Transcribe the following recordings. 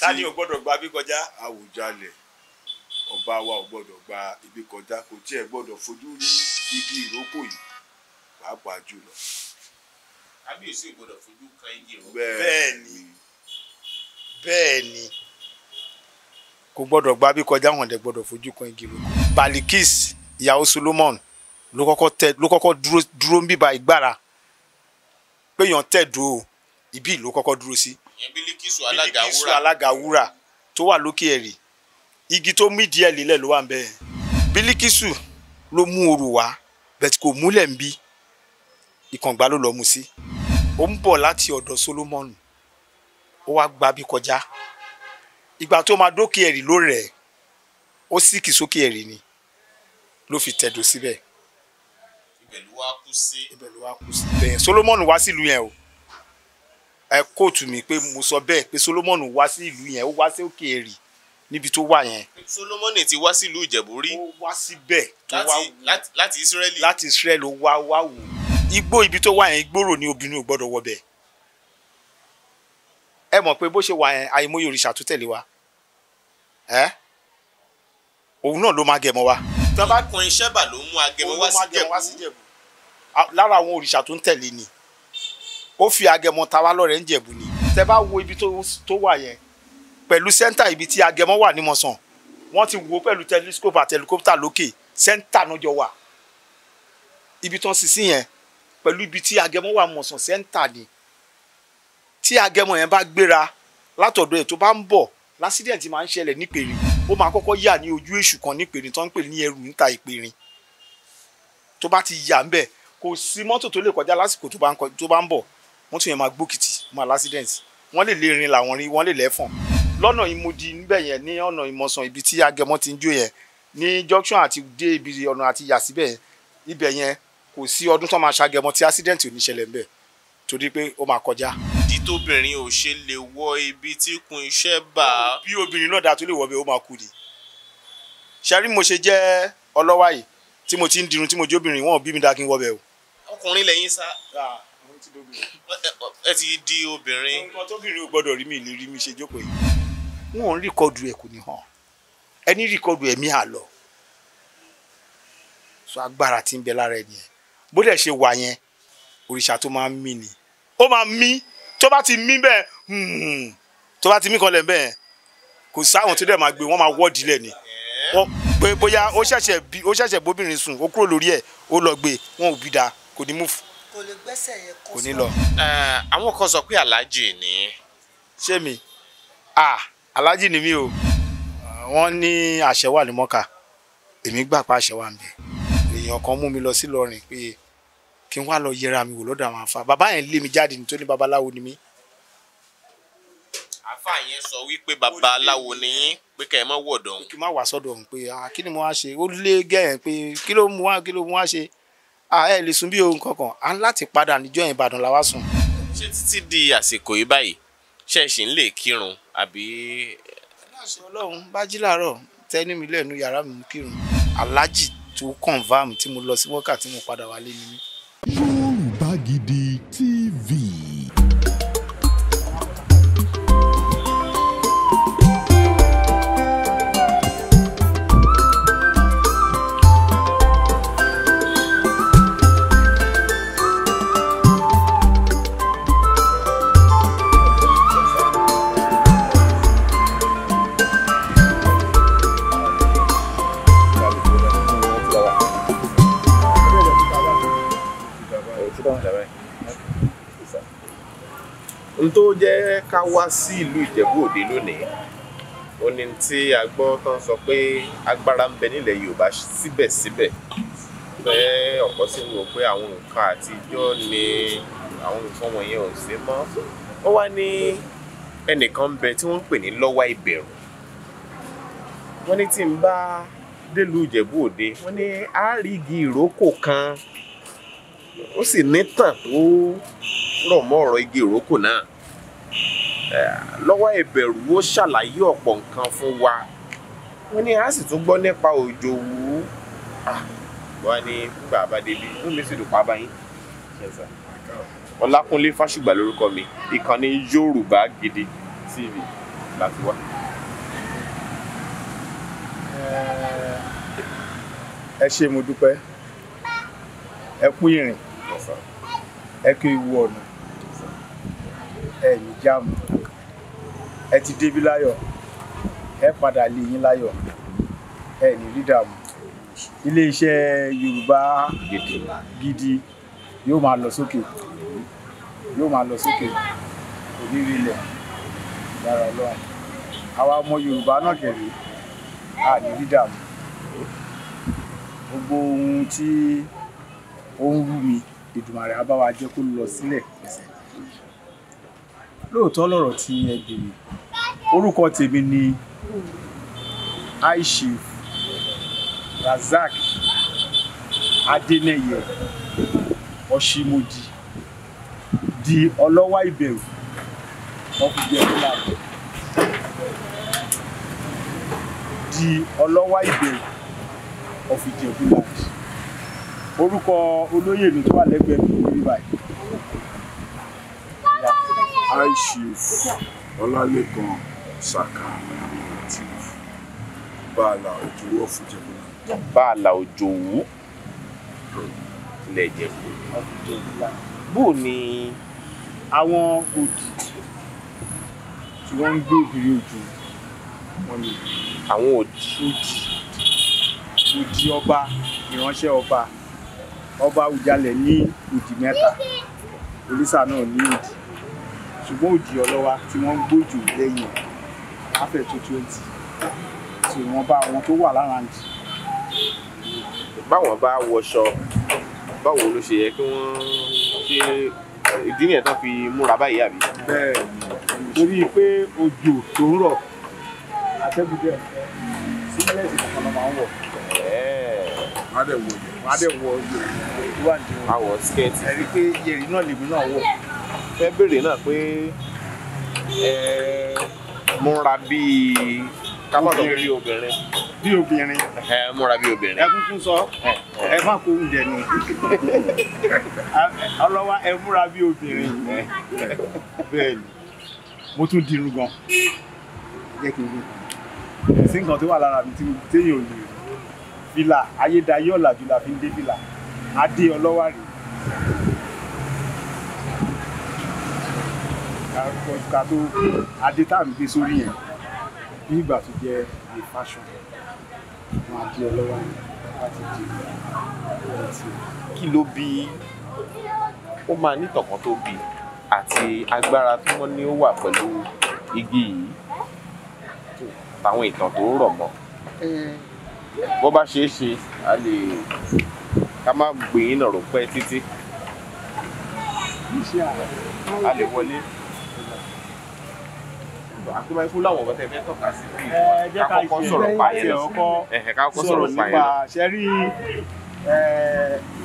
ta ni ò gbọ́dọ̀ gba bí kọjá. Àwùjalẹ̀ ọba wa ò gbọ́dọ̀ gba ibi kọjá kò tiẹ̀ gbọ́dọ̀ fojú rí igi ìrókò yìí pàápàá jùlọ. kábíyèsí ò gbọ́dọ̀ fojú kan igi ìrókò. bẹ́ẹ̀ ni bẹ́ẹ̀ ni kò gbọ́dọ̀ gba bí kọjá wọn dẹ gbọ́dọ̀ fojú kan igi ìrókò. Balikis ìyàwó Solomon ló kọ́kọ́ tẹ ló kọ́kọ́ dúró dúró ń bíba ìgbára pé yàn tẹ̀ dúró ìbí ló kọ́kọ́ dúró sí. Si bílíkìsù alága wúrà bílíkìsù alága wúrà tó wà lókè ẹ̀rì igi tó mí díẹ̀ lílẹ̀ ló wà ń bẹ́ẹ̀ bílíkìsù ló mú orò wá bẹ́ẹ̀ tí kò múlẹ̀ ń bí ìkàngbá ló lọ́ọ́ mu sí ó ń bọ̀ láti ọ̀dọ̀ Solomoni ó wá gba bí kọjá ìgbà tó máa dókè ẹ̀rì ló rẹ̀ ó síkì sókè ẹ̀rì ni ló fi tẹ̀dó síbẹ̀ ibẹ̀ ló wá kú sí ibẹ̀ ló wá kú sí bẹ́ẹ̀ Solomoni wá sílùú yẹn o ẹ kóòtù mi pé mo sọ bẹ́ẹ̀ pé solomoni wá sí ìlú yẹn ó wá sí òkè èrì níbi tó wà yẹn. solomoni ti wá sílùú ìjẹ̀bú rí. ó wá síbẹ̀. láti israeli. láti israeli ó wá wá wò. igbó ibi tó wà yẹn igbóró ni obìnrin ò gbọ́dọ̀ wọbẹ̀. ẹ mọ̀ pé bó ṣe wà yẹn àìmọye òrìṣà tó tẹ̀lé wa. ẹ òun náà ló máa gẹ̀mọ́ wa. tọ́ba kan iṣẹ́ bà ló mú agẹmọ́ wá sí jẹ̀bú. lára àwọn òrìṣà tó ń tẹ̀lé ni ó fi agẹmọ ta wá lọ́rẹ̀ ń jẹ̀bù ni tẹ bá wo ibi tó wà yẹn pẹ̀lú sẹ́ńtà ibi tí agẹmọ wà ní mọ̀sán wọ́n ti wo pẹ̀lú tẹlifíṣkópù àti ẹlikópítà lókè sẹ́ńtà náà jọ wà ibi tán sì sí yẹn pẹ̀lú ibi tí agẹmọ wà mọ̀sán sẹ́ńtà ni tí agẹmọ yẹn bá gbéra látọ̀dọ̀ ẹ̀ tó bá ń bọ̀ lásídẹ̀ǹtì máa ń ṣẹlẹ̀ nípèrè ó máa kọ́kọ́ yà ní ojú èṣù kan nípèrè tó ń pè ní ẹrù níta ìpèrè tó bá ti yà ń bẹ̀ kò sí mọ́tò tó lè kọjá lásìkò tó bá ń bọ̀ mọ́tò yẹn máa gbókìtì máa lásídẹ̀ǹtì wọ́n lè lè rin làwọn rin wọ́n lè lẹ́fọ̀n lọ́nà ìmúdi níbẹ̀ yẹn ní ọ̀nà ìmọ̀sán ibi tí agẹmọ ti ń jó yẹn ní junction àti dé ibi ọ̀nà àti yà síbẹ̀ ibẹ̀ yẹn kò sí ọdún tó máa ṣàgẹmọ tí accident ò ní ṣẹlẹ̀ ńbẹ̀ torí pé ó máa kọjá. ìdí tóbìnrin ò ṣe lè wọ ibi tí kun iṣẹ́ bá. bí obìnrin náà dáa tó lè wọ bẹ́ẹ̀ ó máa kú ni. ṣẹ́rí mo ṣe jẹ́ ọlọ́wàyí tí mo ti ń dirun tí mo jóbìnrin wọn ò bí mi dáa kí n wọ bẹ́ẹ̀ o. ọkùnrin lẹ́yìn sá. Ah ẹ ti di obìnrin. nǹkan tóbìnrin ò gbọ́dọ̀ rí mi lè rí mi ṣe jókòó yìí. wọn ò ń rìkọdù ẹ kò ní hàn ẹni rìkọdù ẹmí àlọ sọ agbára tí ń bẹ lára ẹni ẹ bó dẹ̀ ṣe wà yẹn òrìṣà tó máa ń mí ni ó máa mí tó bá ti mí bẹ́ẹ̀ hmm, tó bá ti mí kan lẹ̀ bẹ́ẹ̀ kò sáwọn tó dẹ̀ máa gbé wọ́n máa wọ́ọ̀dì lẹ̀ ni wọ́n pé bóyá ó ṣẹ̀ṣẹ̀ bóbìnrin sùn ó kúrò lórí ẹ̀ ó lọ gbé wọn ò bí da kò ní múfù kò lè gbẹ́sẹ̀ yẹn kó sọ. kò ní lọ. àwọn kan sọ pé aláàjì ni. ṣé mi ah aláàjì ni mí o wọ́n ní àṣẹ wà ní mọ́kà èmi gbà pa àṣẹ wà ń bẹ̀ èèyàn kan mú mi lọ sí lọrin pé kí n wá lọ yẹra mi wò lọ́dọ̀ àwọn afa bàbá yẹn lé mi jáde nítorí babaláwo ni mí. afa yẹn sọ wípé babaláwo ni pé kẹ́ ẹ mọ́ wọ̀dọ̀ òun. kí n má wà sọ́dọ̀ òun pé kí ni mo wá ṣe ó lé gẹ́yìn pé kí ló mú wá ṣe ẹ lè sùn bí ohun kankan à ń láti padà níjọ́ yẹn Ìbàdàn la wá sùn. ṣé títí di àsìkò yìí báyìí ṣẹ̀ṣì ń lè kírun àbí. aláṣẹ Ọlọ́run bá jí làárọ̀ tẹ́ni mi lẹ́nu yàrá mi kírun aláàjì tó kàn fáàmù tí mo lọ sí wọ́kà tí mo padà wálé ni mí. Yorùbá Gidi n tó jẹ́ ká wá sí ìlú ìjẹ̀bú òde lónìí ó ní tí a gbọ́ tán sọ pé agbára ń bẹ nílẹ̀ yorùbá síbẹ̀síbẹ̀ bẹ́ẹ̀ ọ̀pọ̀ sì ń rò pé àwọn nǹkan àtijọ́ ni àwọn nǹkan wọ̀nyẹn ò sí mọ́ wọ́n wá ní ẹnìkan ń bẹ tí wọ́n ń pè ní lọ́wọ́ ìbẹ̀rù wọ́n ní tí n bá délùú ìjẹ̀bú òde wọ́n ní a ìrókò kan ó sì nítàn tó rọ̀ mọ́ ọ̀rọ̀ igi ìrókò náà lọ́wọ́ ìbẹ̀rù ó ṣàlàyé ọ̀pọ̀ nǹkan fún wa wọ́n ní a sì tún gbọ́ nípa òjò wù ú wọ́n ní nígbà bá débi inú mi sì dùn pa báyìí ọlákúnlé fásùgbà lórúkọ mi ìkànnì yorùbá gidi tv láti wá. ẹ ṣé mo dúpẹ́ ẹ kú ìrìn ẹ kú ìwú ọ̀nà ẹ ní jáàmù ẹ ti débi láyọ̀ ẹ padà lè yín láyọ̀ ẹ ní iléeṣẹ́ Yorùbá Gidi yóò máa lọ sókè yóò máa lọ sókè onírú ilẹ̀ ìdára Ọlọ́run àwa ọmọ Yorùbá náà kẹrì a ní gbogbo ohun tí ó ń rú mi Èdùmàrè á bá jẹ́ kó lọ sílẹ̀ pẹ̀sẹ̀ lóòótọ́ lọ̀rọ̀ tí ẹ béèrè orúkọ tèmi ni aishif razak adeneye ọ̀ṣimodi di ọlọ́wà ìbẹ̀rù ọkùnrin ẹ̀rọ di ọlọ́wà ìbẹ̀rù ọ̀fìjẹ̀bùlà orúkọ olóyè mi tó wà lẹ́gbẹ̀ẹ́ mi ní báyìí high chief ọlálẹ́kan saka latif bàálà òjòwú ọ̀fùjẹ́bùnà. bàálà òjòwú lẹ́jẹ̀bù. bó ni àwọn òjì tí wọ́n ń gbé obìnrin ojú wọn ni. àwọn òjì. òjì òjì ọba ìránṣẹ́ ọba ọba Ùjálẹ̀ ní òjì mẹ́ta Òlíṣà náà ní òjì ṣùgbọ́n òjì ọlọ́wà tí wọ́n ń gbójú lẹ́yìn ẹ̀ afẹ́ tó twenty tí wọ́n bá àwọn tó wà lára ń jì. báwọn bá wọṣọ báwo ló ṣe yẹ kí wọ́n ṣe ìdí nìyẹn tán fi múra báyìí àbí. bẹ́ẹ̀ torí pé òjò tó ń rọ̀ àtẹ́gùdẹ̀ sílẹ̀ sí kọ̀ọ̀kan máa ń wọ̀. wọ́n á dẹ̀ wọ̀ yẹn wọ́n á dẹ̀ wọ̀ yẹn. àwọ̀ skẹ́ẹ̀tì. ẹ̀rí pé yẹ̀rì náà lèmi náà wọ̀ fẹ́ béèrè náà pé múra bíi kábọ̀dọ̀ bí obìnrin. bí obìnrin. ẹ múra bí obìnrin. ẹ kúkú sọ ẹ má kó oúnjẹ nù ọlọ́wà ẹ múra bí obìnrin bẹ́ẹ̀ ni mo tún dirun gan jẹ́ kí n gbé kàn sí nǹkan tó wà lára mi téèyàn ò lè fìlà ayédayé ọ̀làjú la ń dé fìlà adé ọlọ́wà rèé. ká tó adé tá à ń gbé sórí yẹn bí ìgbà tó jẹ́ a fashion wọn á di ọlọ́wọ́ láti di ọ̀rẹ́ tí o. kí ló bí ó máa nítọ̀kan tó bí àti agbára tí wọ́n ní ó wà pẹ̀lú igi yìí àtàwọn ìtàn tó rọ̀ mọ́ bó bá ṣeé ṣe a lè ká má gbìn ín lọ́rùn pẹ́ títí a lè wọlé àti máa ń fún láwọn ọ̀gọ́tẹ̀ fẹ́ tọ́ka sí fún ìwà kakọ́kọ́ sọ̀rọ̀ pààyàn lọ ẹ̀hẹ̀ kakọ́kọ́ sọ̀rọ̀ pààyàn lọ. sẹ́rí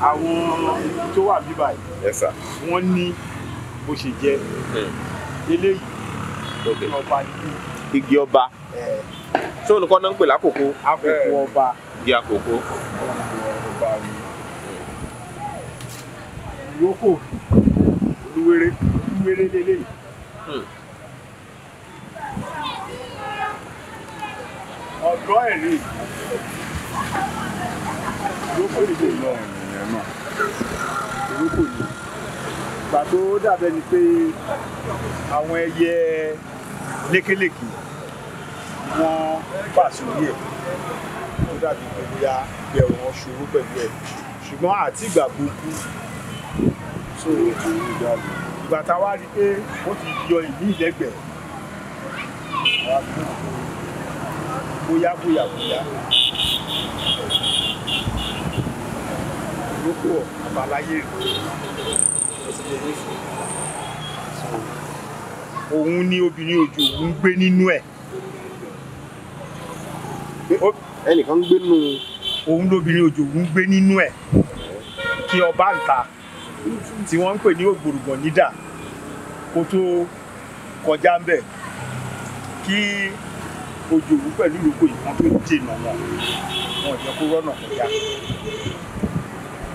àwọn tó wà bíbá yìí wọ́n ní bó ṣe jẹ́ hmm. eléyìí igi ọba ní. igi ọba ṣé olùkọ́ náà ń pè lákòókò. àkókò hmm. ọba. igi àkókò. Hmm. yòókù olúwere olúwere lélẹ́yìí. ọ̀dọ́ ẹ̀ ni ló kò ní lọ ìrìn náà ló kò ní gbà tó dàbẹ́ ni pé àwọn ẹyẹ lékeléké wọ́n bà sórí ẹ̀ tó dàbí pé bóyá bẹ̀rù wọn ṣòro pẹ̀lú ẹ̀ ṣùgbọ́n àti ìgbà gbogbo so ìgbà táwa rí i pé ó ti yọ ìlú ìlẹ́gbẹ̀ẹ́ bóyá bóyá bóyá lóko àbáláyé òun ni obìnrin òjò òun gbé nínú ẹ̀ ẹnìkan gbé nínú òun lóbìnrin òjò òun gbé nínú ẹ̀ kí ọba ń ta tí wọ́n ń pè ní ògbòrògbòn nídà kó tó kọjá ń bẹ̀ kí ojú òwú pẹ̀lú ìlókò yìí wọ́n tó dènà wọn wọn ò jẹ́ kó rọ́nà kọjá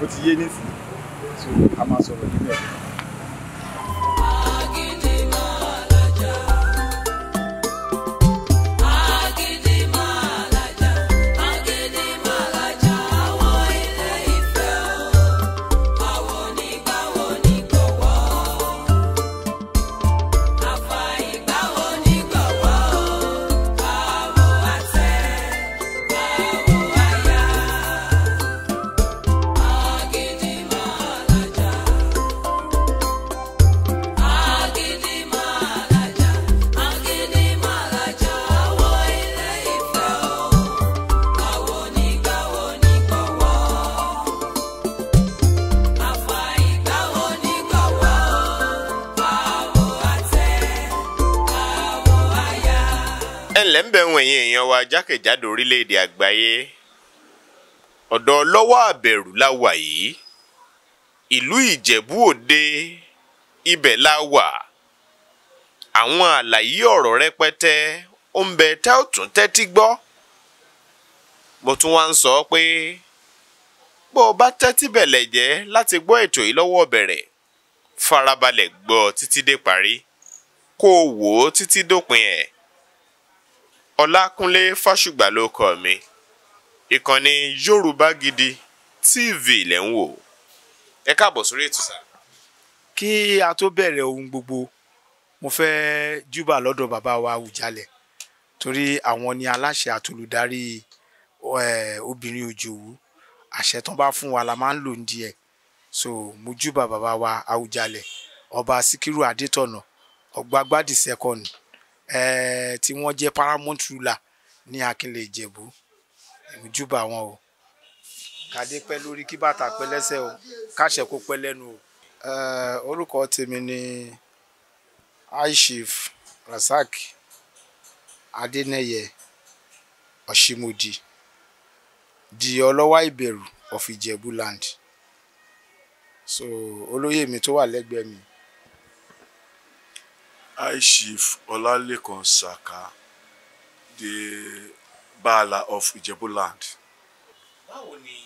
ó ti yé nísìnyí so a máa sọ̀rọ̀ níbẹ̀. jákèjádò orílẹ̀-èdè àgbáyé ọ̀dọ̀ lọ́wọ́ àbẹ̀rù la wà yìí ìlú ìjẹ̀bú òde ibẹ̀ la wà àwọn àlàyé ọ̀rọ̀ rẹpẹtẹ ó ń bẹ tá ò tún tẹ́tí gbọ́ mo tún wá ń sọ pé bó o bá tẹ́tí bẹ̀lẹ̀ jẹ́ láti gbọ́ ètò yìí lọ́wọ́ bẹ̀rẹ̀ farabalẹ̀ gbọ́ títí dé parí kó o wò ó títí dópin ẹ̀ ọlákúnlé fásùgbà ló kọ mi ìkànnì yorùbá gidi tv lẹ̀ ń wò ẹ káàbọ̀ sórí ètò sáà. kí a tó bẹ̀rẹ̀ ohun gbogbo mo fẹ́ júbà lọ́dọ̀ bàbá wa Àwùjalẹ̀ torí àwọn ni aláṣẹ àtolùdarí obìnrin òjòwú àṣẹ tán bá fún wa la máa ń lò ní díẹ̀ so mo júbà bàbá wa Àwùjalẹ̀ ọba Síkírù Adétọ̀nà ọgbàgbàdì sẹ́kọ̀nì Eh, tí wọ́n jẹ́ paramount ruler ní Akínlé Ìjẹ̀bú ìmújúbà wọn o kàdé pẹ́ lórí kí bàtà pẹ́ lẹ́sẹ̀ o káṣẹ kó pẹ́ lẹ́nu o. Eh, orúkọ tèmi ni aishif Rasaq Adénẹyẹ Ọ̀ṣimòdì di ọlọ́wà ìbẹ̀rù of Ìjẹ̀bú land so olóyè mi tó wà lẹ́gbẹ̀ẹ́ mi high chief ọlálẹ́kan saka the baala of ijebuland. báwo ni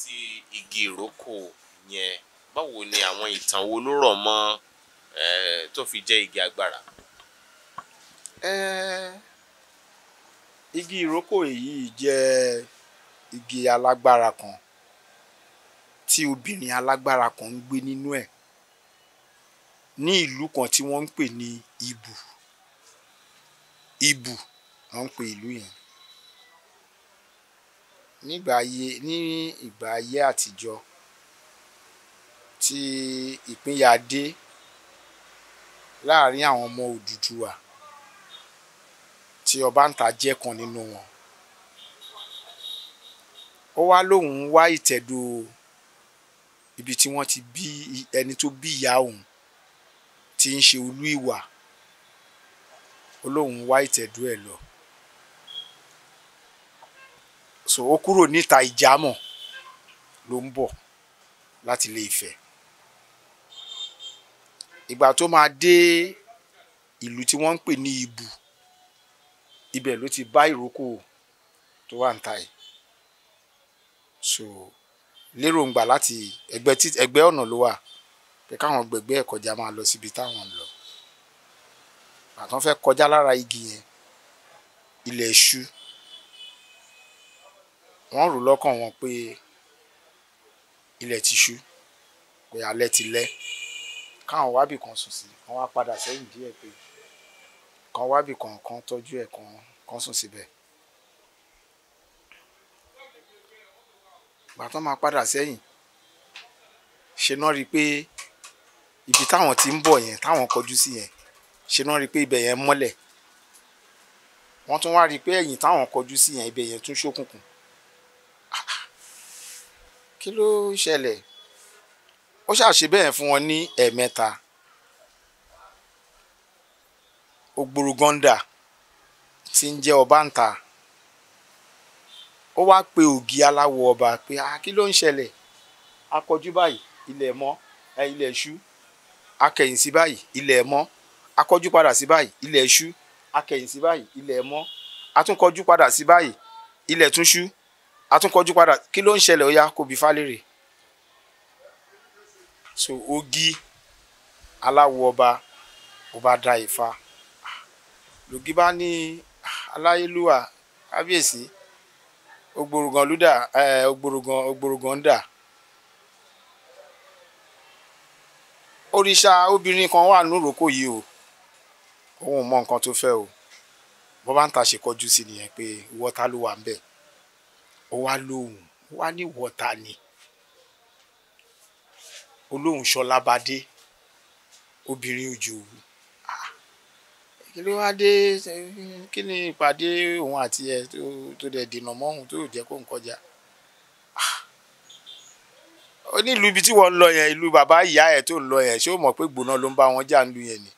ti igi ìrókò yẹn báwo ni àwọn ìtàn wo ló rọ̀ mọ́ tó fi jẹ́ igi agbára. igi ìrókò yìí jẹ́ igi alágbára kan tí obìnrin alágbára kan ń gbé nínú ẹ̀. E ní ìlú kan tí wọ́n ń pè ní ibù ibù wọ́n ń pè ìlú yẹn nígbà ayé ní ìgbà ayé àtijọ́ tí ìpínyà dé láàrin àwọn ọmọ Odùduwà tí Ọbàńtà jẹ́ kan nínú wọn ó wá lóun wá ìtẹ̀dó ibi tí wọ́n ti bí ẹni tó bí ìyá òun tí ń ṣe olú ìwà ó lóun wá ìtẹ̀dú ẹ̀ lọ so ó kúrò níta ìjàmọ̀ ló ń bọ̀ láti ilé Ifẹ̀ ìgbà tó máa dé ìlú tí wọ́n ń pè ní Ibù ibẹ̀ ló ti bá ìrókò tó wà ń ta yìí so lérògbà láti ẹgbẹ́ ọ̀nà ló wà pé káwọn gbẹ̀gbé ẹ̀ kọjá máa lọ síbi táwọn ń lọ àtọ́n fẹ́ kọjá lára igi yẹn ilẹ̀ ṣú wọ́n rò lọ́kàn wọn pé ilẹ̀ ti ṣú pé alẹ́ ti lẹ́ káwọn wábì kan sùn sí wọ́n wá padà sẹ́yìn díẹ̀ pé kan wábì kan kan tọ́jú ẹ̀ kan kan sùn síbẹ̀. gbàtọ́ máa padà sẹ́yìn ṣe náà rí i pé ibi táwọn ti ń bọ̀ yẹn táwọn kọjú sí yẹn ṣe náà rí i pé ibẹ̀ yẹn mọ́lẹ̀ wọ́n tún wá rí i pé ẹ̀yìn táwọn kọjú sí yẹn ibẹ̀ yẹn tún ṣókùnkùn ah, kí ló ṣẹlẹ̀ ó ṣàṣe bẹ́ẹ̀ fún wọn ní ẹ̀ẹ̀mẹ́ta Ogborogondà tí ń jẹ́ Ọbańta ó wá pe Ògì aláwọ̀ ọba pé ah, kí ló ń ṣẹlẹ̀ akọjú báyìí ilẹ̀ mọ́ ilẹ̀ ṣú akẹ̀yìn sí báyìí ilẹ̀ mọ́ akọjú padà sí báyìí ilẹ̀ ṣú akẹ̀yìn sí báyìí ilẹ̀ mọ́ atúnkọjú padà sí báyìí ilẹ̀ tún ṣú atúnkọjú padà kí ló ń ṣẹlẹ̀ ó yá kò bí fálérè so ogi aláwo ọba ọba da Ifá lògì bá ní aláyélúwà kábíyèsí ogbòrògàn lúdà ogbòrògàn ogbòrògàn ń dà. Eh, òrìṣà obìnrin kan wà níròkó yìí o òun mọ nǹkan tó fẹ́ o bó bá ń ta ṣèkọjú sí nìyẹn pé wọ́tá ló wà ń bẹ̀ ó wá lóhùn ó wá ní wọ́tá ni olóhùn ṣọlábadé obìnrin ojú òwú ah, kí ló wá dé kí ni ìpàdé òun àti ẹ tó dẹ̀ dènà mọ́ òun tó jẹ́ kó ń kọjá ó ní ìlú ibi tí wọ́n ń lọ yẹn ìlú bàbá ìyá ẹ̀ tó ń lọ yẹn ṣé ó mọ̀ pé gbóná ló ń bá wọn jà ń lu yẹn ni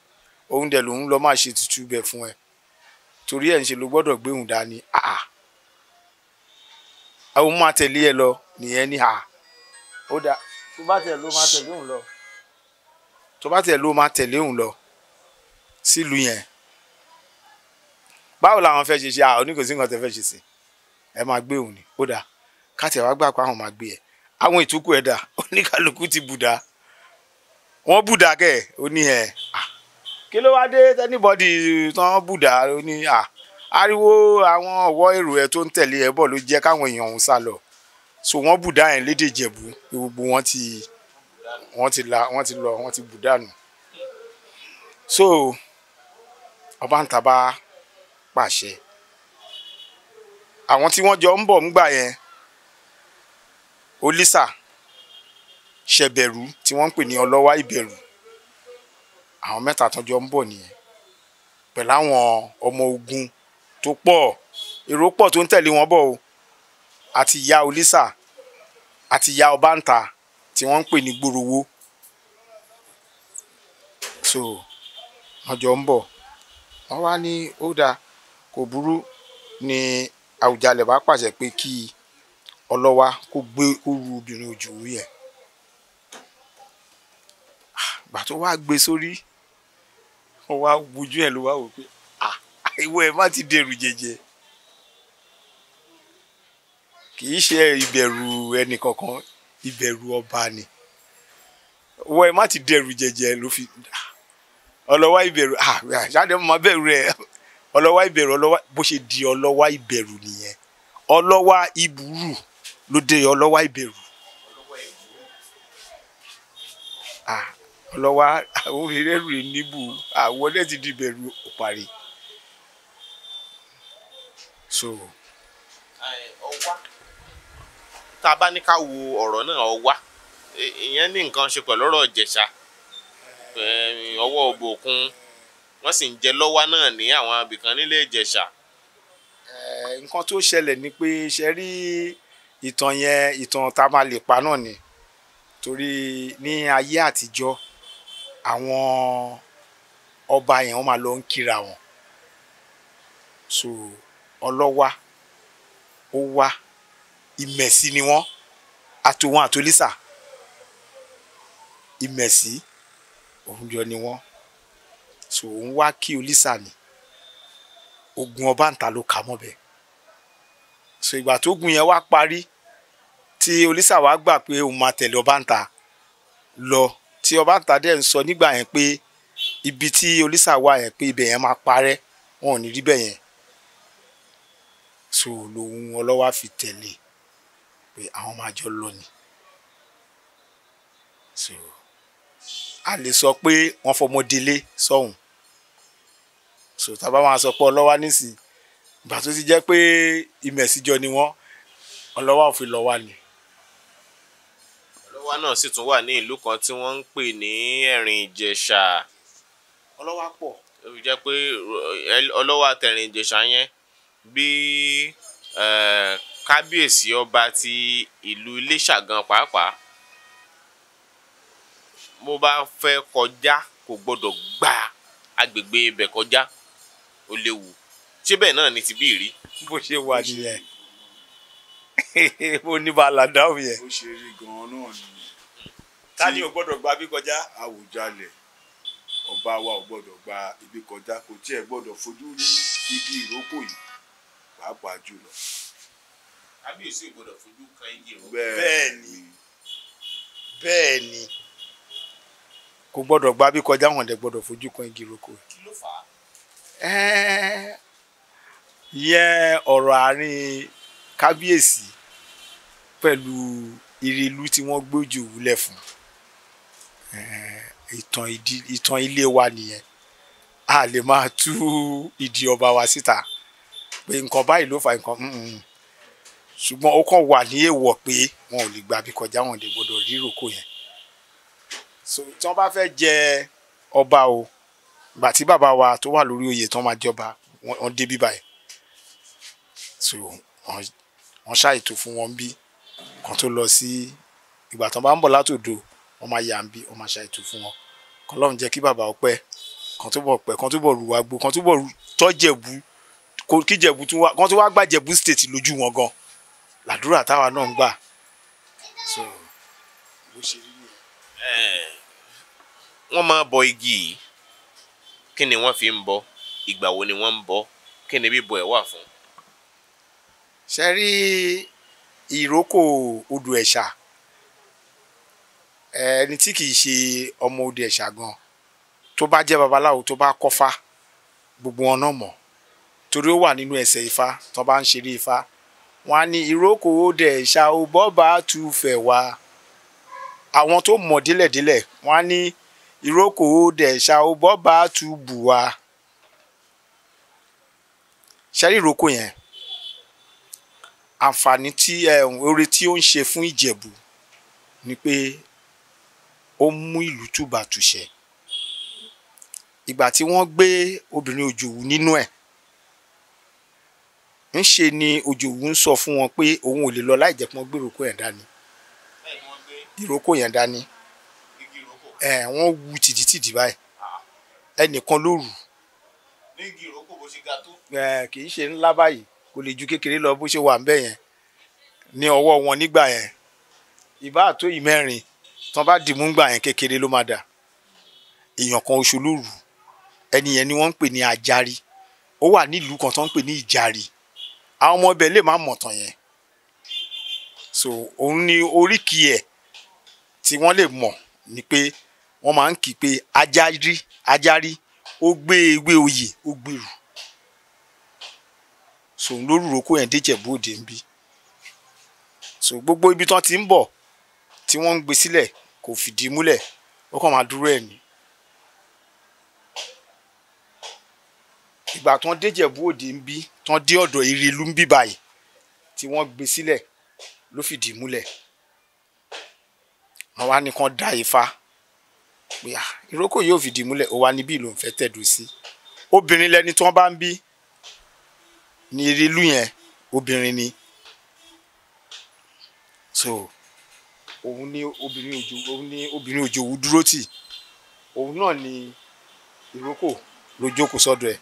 òun dẹ̀ lòun lọ máa ṣe tutù bẹ̀ fún ẹ torí ẹ̀ ń ṣe ló gbọ́dọ̀ gbéhùn dání àà àwọn máa tẹ̀lé ẹ lọ nìyẹn ní àà ó dà tó bá tẹ̀ ló máa tẹ̀lé òun lọ tó bá tẹ̀ ló máa tẹ̀lé òun lọ sílùú yẹn báwo làwọn fẹ́ ṣe ṣe àwọn oníkòsí nǹkan tẹ́ fẹ́ ṣe sí ẹ máa gbé ni ó dà káàtì ẹ̀ wá gbà àwọn máa gbé ẹ̀ àwọn ìtókù ẹ̀dá oníkàlùkù ti bùdá wọ́n bùdá kẹ̀ ó ní ẹ̀ kí ló wá dé tẹ́nibọ́dì tán bùdá ó ní à ariwo àwọn ọ̀wọ́ èrò ẹ̀ tó ń tẹ̀lé ẹ̀ bọ̀ ló jẹ́ káwọn èèyàn ọ̀hún sá lọ so wọ́n bùdá yẹn lédè Ìjẹ̀bú gbogbo wọn ti wọ́n ti la wọ́n ti lọ wọ́n ti bùdá nù so Ọbàntà bá pàṣẹ àwọn tí wọ́n jọ ń bọ̀ ń gbà yẹn olísà ṣẹbẹ̀rú tí wọ́n ń pè ní ọlọ́wà ìbẹ̀rù àwọn mẹ́ta tọ́jọ́ ń bọ̀ nìyẹn pẹ̀lú àwọn ọmọ ogun tó pọ̀ èrò pọ̀ tó ń tẹ̀lé wọn bọ̀ o àti ìyá olísà àti ìyá ọbàǹtà tí wọ́n ń pè ní gbòròwó so ọjọ́ ń bọ̀ wọ́n wá ní ó dáa kò burú ni Àwùjalẹ̀ bá pàṣẹ pé kí i ọlọ́wà kó gbé kó ru obìnrin òjò orí ẹ̀ ah, gbà tó wá gbé sórí wọn wá gbojú ẹ̀ ló wá wò pé ah, ìwọ ẹ̀ má ti dẹrù jẹjẹ kì í ṣe ìbẹ̀rù ẹnìkankan ìbẹ̀rù ọba ni ìwọ ẹ̀ má ti dẹrù jẹjẹ ló fi ah, ọlọ́wà ìbẹ̀rù ṣáàdé mo máa bẹ̀rù ẹ̀ ọlọ́wà ìbẹ̀rù ọlọ́wà bó ṣe di ọlọ́wà ìbẹ̀rù nìyẹn ọlọ́wà ìbúrú ló dé ọlọ́wà ìbẹ̀rù ọlọ́wà àwọn òṣèré rè níbù àwọn ọdẹ ti di ìbẹ̀rù ò parí. so. ọwá tá a bá ní ká wo ọ̀rọ̀ náà ọwá e, ìyẹn ní nǹkan ṣe pẹ̀lú ọ̀rọ̀ ìjẹ̀ṣà ọwọ́ òbòkun wọ́n sì ń jẹ lọ́wọ́ náà ní àwọn abìkan nílé ìjẹ̀ṣà. nǹkan tó ṣẹlẹ̀ ni pé ṣe rí. Eh, ìtàn yẹn ìtàn tá a lè pa náà ni torí ní ayé àtijọ́ àwọn ọba yẹn wọ́n máa lọ ń kíra wọn so ọlọ́wà ó wá ìmẹ̀sí ni wọ́n àtòwọn àtòlísà ìmẹ̀sí òun ni wọ́n so òun wá kí olísà ni ogun ọba ń ta ló kà mọ́ bẹ́ẹ̀ so ìgbà tó gun yẹn wá parí tí olísà wá gbà pé òun máa tẹ̀lé ọbàǹtà lọ tí ọbàǹtà dẹ̀ ń sọ nígbà yẹn pé ibi tí olísà wà yẹn pé ibẹ̀ yẹn máa parẹ́ wọn ò ní rí bẹ̀ yẹn so lòun ọlọ́wà fi tẹ̀lé pé àwọn máa jọ lọ ni so a lè sọ pé wọ́n fọmọdélé sọ̀hún so tá a bá máa sọ pé ọlọ́wà nísìnyí ìgbà tó ti jẹ́ pé ìmẹ̀síjọ ni wọ́n ọlọ́wà òfin lọ́wà ni. ọlọ́wà náà sì tún wà ní ìlú kan tí wọ́n ń pè ní ẹ̀rìn ìjẹ̀ṣà. ọlọ́wà pọ̀. ó fi jẹ́ pé ọlọ́wà tẹ̀rìn ìjẹ̀ṣà yẹn bí kábíyèsí ọba ti ìlú Iléṣà gan pàápàá mo bá fẹ́ kọjá kò gbọ́dọ̀ gba agbègbè ibẹ̀ kọjá ó léwu. ṣé bẹ́ẹ̀ náà ni ti bí rí. bó ṣe wà nìyẹn mo ní bàálà dáhùn yẹn. ó ṣe rí gan-an náà ni. ta ni o gbọdọ gba bí kọjá. Àwùjalẹ̀ ọba wa ò gbọdọ gba ibi kọjá kò tiẹ̀ gbọdọ fojú rí igi ìrókò yìí pàápàá jùlọ. kábíyèsí ò gbọdọ fojú kan igi ìrókò. bẹ́ẹ̀ ni bẹ́ẹ̀ ni kò gbọdọ gba bí kọjá wọn dẹ̀ gbọ́dọ̀ fojú kan igi ìrókò. kí ló fà á. yẹn ọ̀rọ̀ àárín kábíyèsí pẹ̀lú ìrìlú tí wọ́n gbójú wúlẹ̀ fún ìtàn ilé wa nìyẹn a lè máa tú ìdí ọba wa síta pé nǹkan báyìí ló fa nǹkan ṣùgbọ́n ó kàn wà ní èèwọ̀ pé wọn ò lè gba bí kọjá wọn lè gbọdọ̀ rírò kó yẹn so tí wọ́n bá fẹ́ jẹ ọba o gbà tí bàbá wa tó wà lórí oyè tí wọ́n máa jọba wọ́n dé báyìí so wọ́n ṣàìtò fún wọn bí kan tó lọ sí ìgbà tán bá ń bọ̀ látòdò wọ́n máa yà ń bí wọ́n máa ṣàìtò fún wọn kan lọ́run jẹ́ kí bàbá ọpẹ́ kan tó bọ̀ pẹ́ kan tó bọ̀ rúwa gbó kan tó bọ̀ tọ́jẹ̀bú kí jẹ̀bú tún wá kan tó wá gbà jẹ̀bú state lójú wọn gan làdúrà táwa náà ń gbà so bó ṣe rí nìyẹn. wọ́n máa bọ igi yìí kí ni wọ́n fi ń bọ ìgbà wo ni wọ́n ń bọ kí ni bíbọ ẹ̀ wà fún ṣe rí ìrókò odò ẹ̀ṣà ẹni tí kì í ṣe ọmọ odò ẹ̀ṣà gan tó bá jẹ́ babaláwo tó bá kọ́fá gbogbo wọn náà mọ̀ torí ó wà nínú ẹsẹ̀ ifá tó bá ń ṣeré ifá wọn á ní ìrókò odò ẹ̀ṣà ò bọ́ba tu fẹ̀ wá àwọn tó mọ̀ délẹ̀délẹ̀ wọn á ní ìrókò odò ẹ̀ṣà ò bọ́ba tu bù wá ṣe rí ìrókò yẹn àǹfààní tí eh, oore tí ó ń ṣe fún Ìjẹ̀bú ni pé ó mú ìlú túbà túṣẹ ìgbà tí wọ́n gbé obìnrin Òjòwú nínú ẹ̀ ń ṣe ni Òjòwú ń sọ fún wọn pé òun ò lè lọ láì jẹ́ pé gbé ìrókò yẹn dání ìrókò yẹn dání ẹ̀ eh, wọ́n wu tìdítìdí báyìí ẹnìkan ló rù eh, kì í ṣe ńlá báyìí kò lè ju kékeré lọ bó ṣe wà ńbẹ̀ yẹn ní ọwọ́ wọn nígbà yẹn ìbá àtó ìmẹ́rin tán bá dìmú ńgbà yẹn kékeré ló má dà èèyàn kan oṣù lóru ẹni yẹn ni wọ́n ń pè ní ajari ó wà nílùú kan tó ń pè ní ìjari àwọn ọmọ ibẹ̀ lè má mọ̀tàn yẹn so òun ni oríkì ẹ̀ tí wọ́n lè mọ̀ ni pé wọ́n máa ń kí pé ajari ajari ó gbé ewé oyè ó gbèrú sòun ló rúro kó yẹn déjẹ̀bú òde ń bí so gbogbo ibi tán ti ń bọ̀ tí wọ́n ń gbé sílẹ̀ kò fìdí múlẹ̀ ó kàn máa dúró ẹ̀ ní. ìgbà tán déjẹ̀bú òde ń bí tán dé ọ̀dọ̀ Ìrẹ̀lú ń bí báyìí tí wọ́n gbé sílẹ̀ ló fìdí múlẹ̀ wọn wá ní kán dá Ifá pé ah, ìrókò yóò fìdí múlẹ̀ ó wá níbí ló ń fẹ́ tẹ̀dó sí obìnrin lẹni tí wọ́n bá ń bí Ni irú yẹn obìnrin ni so òun ní obìnrin òjò òun ní obìnrin òjò òun dúró tì òun náà ni ìrókò lójókòó sọ́dọ̀ ẹ̀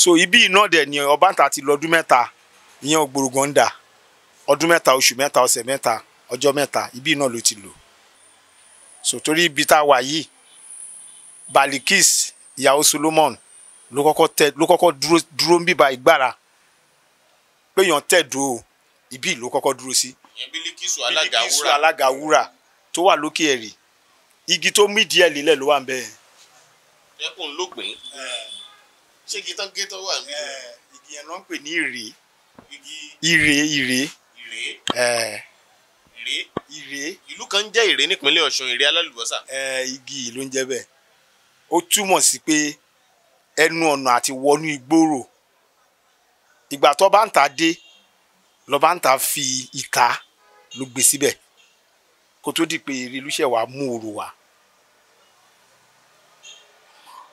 so ibi iná dẹ̀ ni ọbàntà ti lọ ọdún mẹ́ta ìyẹn ògbórògòndà ọdún mẹ́ta oṣù mẹ́ta ọ̀sẹ̀ mẹ́ta ọjọ́ mẹ́ta ibi iná ló ti lò so torí ibi tá a wà yìí Balikis ìyàwó Solomon ló kọ́kọ́ tẹ ló kọ́kọ́ dúró dúró ń bíbá ìgbára pé yàn tẹ̀dó o ibi ìlú kọ́kọ́ dúró sí. Bílíkìsù alága wúrà tó wà lókè ẹ̀rì igi tó mí díẹ̀ lílẹ̀ ló wà ń bẹ́ẹ̀. ẹkùn ló gbìn. ṣé igi tán gé tó wà ní. igi yẹn náà ń pè ní ìrè. ìrè ìrè. ìrè. ìrè. ìlú kan jẹ́ ìrè nípínlẹ̀ ọ̀ṣun ìrè alálùbọ́sà. igi ló ń jẹ́ bẹ́ẹ̀ ó túmọ̀ sí pé ẹnu ọ̀nà àti wọnú igbóró ìgbà tó bá ń ta dé lọ bá ń ta fi ìta ló gbé síbẹ̀ kó tó di pé Ìrẹ̀lúṣẹ̀ wàá mú orò wá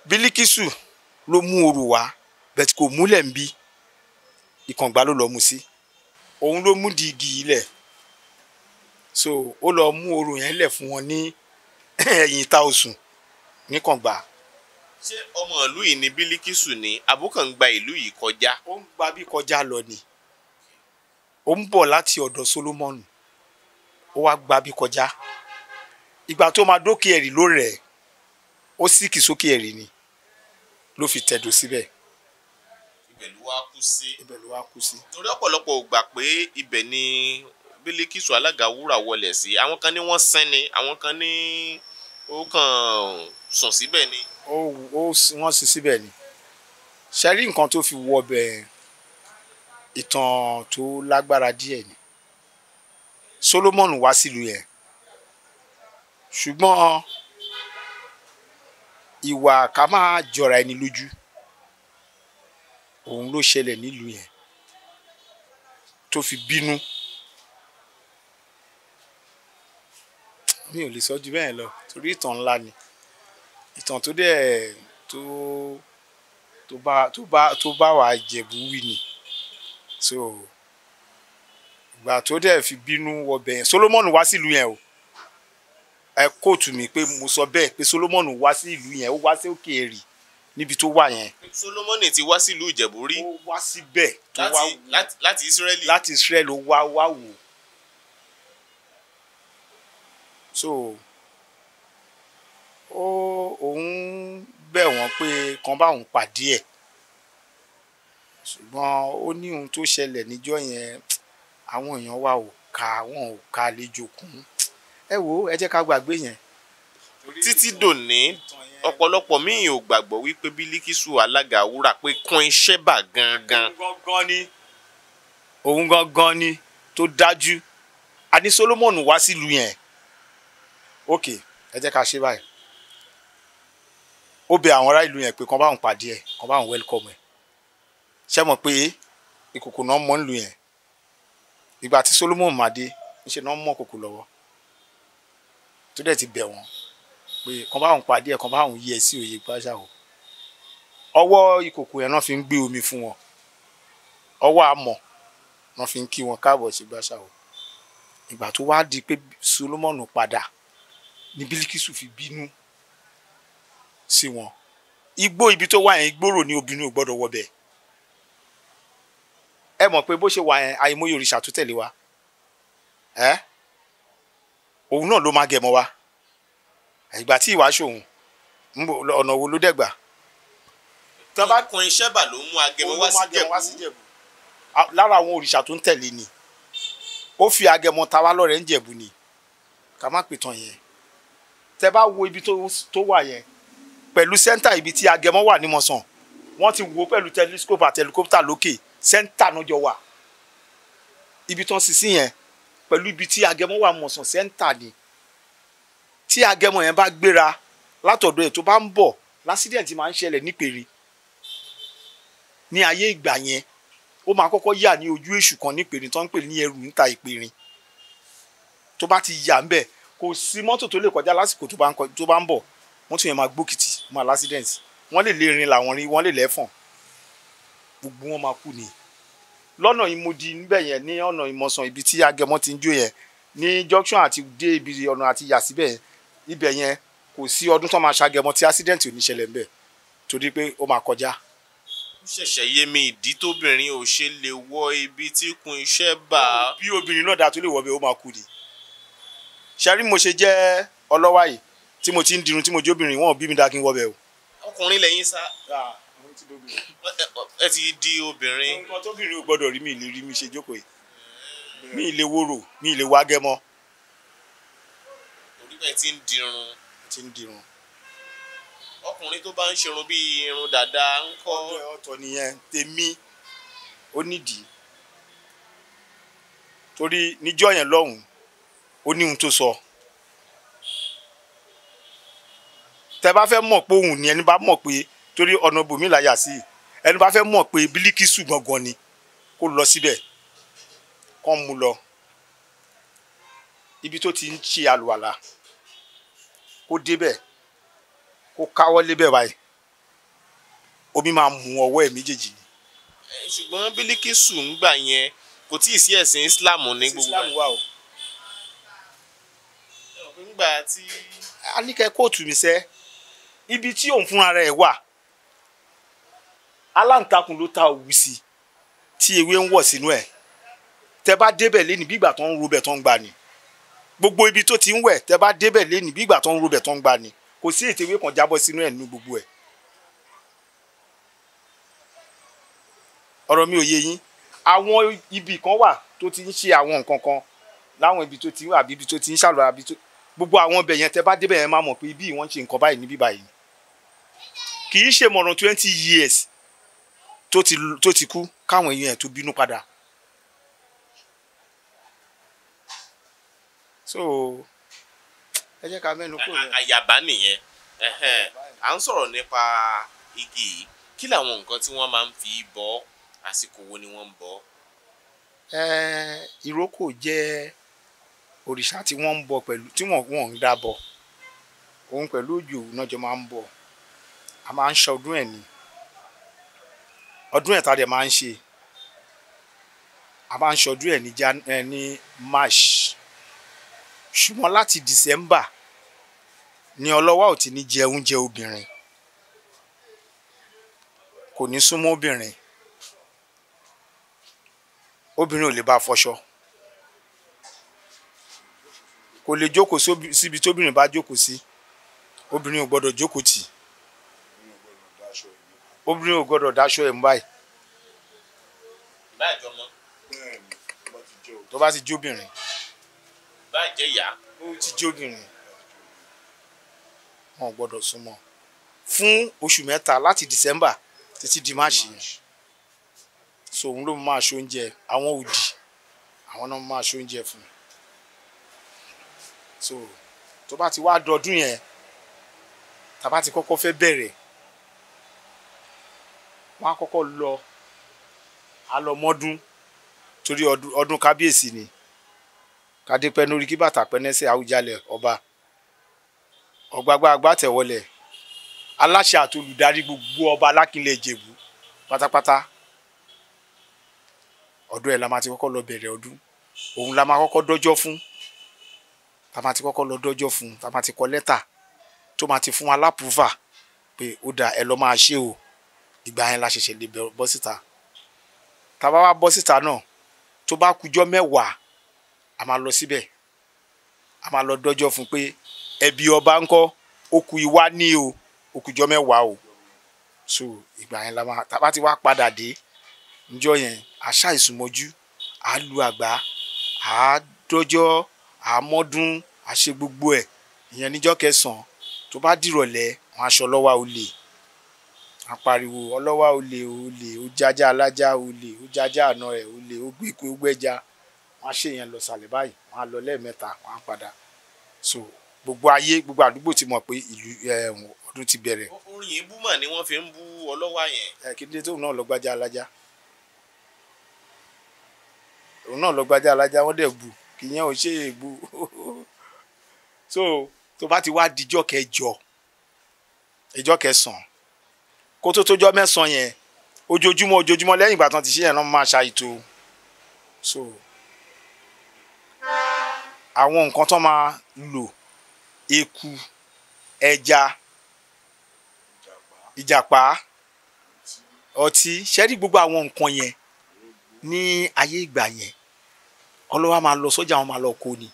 Bílíkísù ló mú orò wá bẹ́ẹ̀ kò múlẹ̀ ń bí ìkàngbá ló lọ́ọ́ mu sí òun ló mú di igi ilẹ̀ so ó lọ́ọ́ mú orò yẹn lẹ̀ fún wọn ní ẹ̀yìn ìta òsùn ní kàngbá ṣé ọmọ ìlú yìí ni bílíkìsù ni abúkàn gba ìlú yìí kọjá. ó ń gba bí kọjá lọ ni ó ń bọ̀ láti ọ̀dọ̀ Solomoni ó wá gba bí kọjá ìgbà tó máa dókè ẹ̀rì ló rẹ̀ ó síkì sókè ẹ̀rì ni ló fi tẹ̀dó síbẹ̀. ibẹ̀ ló wá kú sí. ibẹ̀ ló wá kú sí. torí ọ̀pọ̀lọpọ̀ ò gbà pé ibẹ̀ ni bílíkìsù alága wúrà wọlé sí àwọn kan ní wọ́n sẹ́ni àwọn kan ní ó kàn sọ síbẹ̀ ni. ó ó wọ́n sì síbẹ̀ ni ṣe rí nǹkan tó fi wọ bẹ̀ ìtàn tó lágbára díẹ̀ ni Solomon wá sílùú yẹn ṣùgbọ́n ìwà ká máa jọra ẹni lójú òun ló ṣẹlẹ̀ nílùú yẹn tó fi bínú mi ò lè sọ ju bẹ́ẹ̀ lọ torí ìtàn ńlá ni ìtàn tó dẹ̀ tó tó bá tó bá tó bá wà jẹ̀bú wí ni so ìgbà tó dẹ̀ fi bínú wọbẹ̀ yẹn Solomon wá sílùú yẹn o ẹ kóòtù mi pé mo sọ bẹ́ẹ̀ pé Solomon wá sí ìlú yẹn ó wá sí òkè èrì níbi tó wà yẹn. Solomon ti wá sílùú Ìjẹ̀bú rí. ó wá síbẹ̀ tó wá wò láti Israeli. láti Israeli ó wá wá wò. so ó òun bẹ̀ wọ́n pé kan bá òun pàdé ẹ̀ ṣùgbọ́n ó ní ohun tó ṣẹlẹ̀ níjọ́ yẹn àwọn èèyàn wa ò ka wọn ò ka àlejò kún ẹ wo ẹ jẹ́ ká gbàgbé yẹn. títí dòní ọ̀pọ̀lọpọ̀ míì ò gbàgbọ́ wípé Bílíkísù alága àwúrà pé kún iṣẹ́ bà gangan. òun gangan ni tó dájú a ní Solomon wá sílùú yẹn ok ẹ jẹ́ ká ṣe báyìí ó bẹ àwọn ará ìlú yẹn pé kán bá wọn pàdé ẹ kán bá wọn wẹlkọmù ẹ ṣe mọ̀ pé ìkòkò náà mọ nílùú yẹn ìgbà tí Solomon màdé ńṣe náà mọ kòkò lọ́wọ́ tó dẹ̀ ti bẹ̀ wọ́n pé kán bá wọn pàdé ẹ kán bá wọn yí ẹ sí òye gbáṣà o ọwọ́ ìkòkò yẹn náà fi ń gbé omi fún wọn ọwọ́ àmọ̀ náà fi ń kí wọn káàbọ̀ sí gbáṣà o ìgbà tó wá di pé Solomon padà ní Bílíkísù fi bínú sí wọn igbó ibi tó wà yẹn gbòòrò ni obìnrin ò gbọ́dọ̀ wọ bẹ́ẹ̀ ẹ mọ̀ pé bó ṣe wà yẹn àìmọye òrìṣà tó tẹ̀lé wa ẹ òun náà ló máa gẹ̀mọ́ wa ìgbà tí ìwà ṣòun ọ̀nà wo ló dẹ̀gbà. tọ́ba kun iṣẹ́ bà ló mú agẹmọ wá sí jẹ̀bú. lára àwọn òrìṣà tó ń tẹ̀lé ni ó fi agẹmọ ta wá lọ́rẹ̀ẹ́ ń jẹ̀bú ni ká má pè tán yẹn tẹ bá wo ibi tó wà yẹn pẹ̀lú sẹ́ńtà ibi tí agẹmọ wà ní mọ̀sán wọ́n ti wò ó pẹ̀lú tẹlifíṣkópù àti ẹlikópítà lókè sẹ́ńtà náà jọ wà ibi tán sì sí yẹn pẹ̀lú ibi tí agẹmọ wà mọ̀sán sẹ́ńtà ni tí agẹmọ yẹn bá gbéra látọ̀dọ̀ ẹ̀ tó bá ń bọ̀ lásídẹ̀ǹtì máa ń ṣẹlẹ̀ nípèrè ní ayé ìgbà yẹn ó máa kọ́kọ́ yà ní ojú èṣù kan nípèrè tó ń pè ní ẹrù níta ìpèrè tó bá ti yà ń bẹ̀ kò sí mọ́tò tó lè kọjá lásìkò tó bá ń bọ̀ mọ́tò yẹn máa gbókìtì máa l'accident wọ́n lè lè rin làwọn rin wọ́n lè lẹ́fọ̀n gbogbo wọn máa kú ni lọ́nà ìmúdi níbẹ̀ yẹn ní ọ̀nà ìmọ̀sán ibi tí agẹmọ ti ń jó yẹn ní junction àti dé ibi ọ̀nà àti yà síbẹ̀ ibẹ̀ yẹn kò sí ọdún tó máa ṣàgẹmọ tí accident ò ní ṣẹlẹ̀ ńbẹ̀ torí pé ó máa kọjá. ó ṣẹ̀ṣẹ̀ yé mi ìdí tóbìnrin ò ṣe lè wọ ibi tí kun iṣẹ́ bá. bí obìnrin náà dáa tó lè wọ bẹ́ẹ̀ ó máa kú ni. ṣe rí mo ṣe jẹ́ ọlọ́wàyí tí mo ti ń dirun tí mo jóbìnrin wọn bí mi dá kí n wọ o. ọkùnrin lẹ́yìn sá. ẹ ti di obìnrin. nǹkan tóbìnrin ò gbọ́dọ̀ rí mi lè rí mi ṣe jókòó yìí mi lè wòrò mi lè wá gẹmọ. orí bẹ́ẹ̀ ti ń dirun. ti ń dirun. ọkùnrin tó bá ń ṣerun bíi irun dàda ń kọ́. ọ̀dọ̀ nìyẹn tèmi ó nídìí torí níjọ́ yẹn lọ́hùn ó ní ohun tó sọ. So tẹ bá fẹ́ mọ̀ pé òun ni ẹni bá mọ̀ pé torí ọ̀nà bòmí làyà sí i ẹni bá fẹ́ mọ̀ pé bílíkìsù gangan ni kó lọ síbẹ̀ kán mú lọ ibi tó ti ń ṣe àlùwàlà kó débẹ̀ kó káwọ́ lébẹ̀ báyìí omi máa mú ọwọ́ ẹ̀ méjèèjì ni. ṣùgbọ́n bílíkìsù ń gbà yẹn kò tí ì sí ẹ̀sìn Islam ní gbogbo ẹ̀. Islam wà o. nígbà tí. a ní kẹ́ kóòtù mi sẹ́ ibi tí òun fúnra rẹ̀ wà aláǹtakùn ló ta òwú sí tí ewé ń wọ̀ sínú ẹ̀ tẹ́ bá débẹ̀ lé ní bí ìgbà tó ń robẹ̀ tó ń gbà ni gbogbo ibi tó ti ń wẹ̀ tẹ́ bá débẹ̀ lé bí ìgbà tó ń robẹ̀ tó ń gbà ni kò sí ètè ewé kan jábọ́ sínú ẹ̀ nínú gbogbo ẹ̀. ọ̀rọ̀ mi ò yé yín àwọn ibì kan wà tó ti ń ṣe àwọn nǹkan kan láwọn ibi tó ti wà àbí ibi tó ti ń ṣàlùwà àbí gbogbo àwọn ibẹ̀ yẹn tẹ́ bá débẹ̀ yẹn máa mọ̀ pé ibi ìwọ́n ń ṣe nǹkan báyìí níbí báyìí kì í ṣe mọ̀ràn twenty years tó ti tó ti kú káwọn èèyàn ẹ̀ tó bínú padà. so ẹ jẹ́ ká mẹ́nu kúrò. àyàbá nìyẹn à ń sọ̀rọ̀ nípa igi yìí kí làwọn nǹkan tí wọ́n máa ń fi bọ́ àsìkò wo ni wọ́n ń bọ́. ìrókò jẹ́ òrìṣà tí wọ́n ń bọ pẹ̀lú tí wọ́n ń dá òun pẹ̀lú òjò náà jọ máa ń bọ̀ a máa ń ṣe ọdún ẹ̀ ni ọdún ẹ̀ tá a dẹ̀ máa ń ṣe a máa ń ṣe ọdún ẹ̀ ní march ṣùgbọ́n láti december ni ọlọ́wà ò ti ní jẹ oúnjẹ obìnrin kò ní súnmọ́ obìnrin obìnrin ò lè bá fọṣọ kò lè jókòó síbi tóbìnrin bá jókòó sí obìnrin ò gbọ́dọ̀ jókòó tì í obìnrin ò gbọdọ̀ daṣọ ẹ̀ ń báyìí. ìbá àjọmọ. tó bá ti jóbìnrin. ìbá àjẹ ìyá. ó ti jóbìnrin. wọn ò gbọdọ̀ súnmọ́ fún oṣù mẹ́ta láti December títí di máàṣì yẹn so òun ló máa ṣoúnjẹ àwọn òdì àwọn náà máa ṣoúnjẹ fún un so tó bá ti wá dọdún yẹn tá ti kọ́kọ́ fẹ́ bẹ̀rẹ̀ wọ́n á kọ́kọ́ lọ alọmọdún torí ọdún kábíyèsí ni kádépẹ́ lórí kí bàtà pẹ́nẹ́sẹ̀ àwùjalẹ̀ ọba ọ̀gbàgbà agbátẹ̀wọlẹ̀ aláṣẹ àti olùdarí gbogbo ọba alákínlẹ̀ ìjẹ̀bú pátápátá ọdún ẹ̀ la máa ti kọ́kọ́ lọ bẹ̀rẹ̀ ọdún òun la máa kọ́kọ́ dọ́jọ́ fún ta máa ti kọ́kọ́ lọ dọ́jọ́ fún ta máa ti kọ lẹ́tà tó máa ti fún alápùúfà pé ó dà ẹ lọ́ máa ṣe o ìgbà yẹn la ṣẹ̀ṣẹ̀ lè bọ́ síta tá a bá wá bọ́ síta náà tó bá kújọ́ mẹ́wàá a máa lọ síbẹ̀ a máa lọ dọ́jọ́ fún pé ẹbí ọba ń kọ́ ó ìwá ní o ó mẹ́wàá o so ìgbà yẹn la máa tá a bá ti wá padà dé níjọ́ yẹn àṣà ìsúnmọ́jú à á lu àgbá à á dọ́jọ́ à á mọ́dún à ṣe gbogbo ẹ̀ ìyẹn níjọ́ kẹsàn-án tó bá dìrọ̀lẹ́ wọn aṣọ lọ́wọ́ olè apariwo ọlọ́wà olè olè ó jájá alájá olè ó jájá àna rẹ̀ olè ó gbé ikú gbẹ́ja wọ́n á ṣe yẹn lọ sàlẹ̀ báyìí wọ́n á lọ lẹ́ẹ̀mẹ́ta wọ́n á padà so gbogbo ayé gbogbo àdúgbò ti mọ̀ pé ìlú ọdún ti bẹ̀rẹ̀. orin yìí bú mà ni wọ́n fi ń bú ọlọ́wà yẹn. ẹ kí ló dé náà lọ gbájá alájá òun náà lọ gbájá alájá wọ́n dẹ̀ bù kì yẹn ò ṣe é bù so tó bá ti wá dijọ́ kẹjọ ìjọ kẹsàn-án kó tó tójọ́ mẹ́sàn-án yẹn ojoojúmọ́ ojoojúmọ́ lẹ́yìn ìgbà tán ti ṣe yẹn náà máa ṣàìtò so àwọn nǹkan tán máa lò eku ẹja ìjàpá ọtí ṣẹ́rí gbogbo àwọn nǹkan yẹn ní ayé ìgbà yẹn ọlọ́wà máa lọ sọ́jà wọn máa lọ kó ni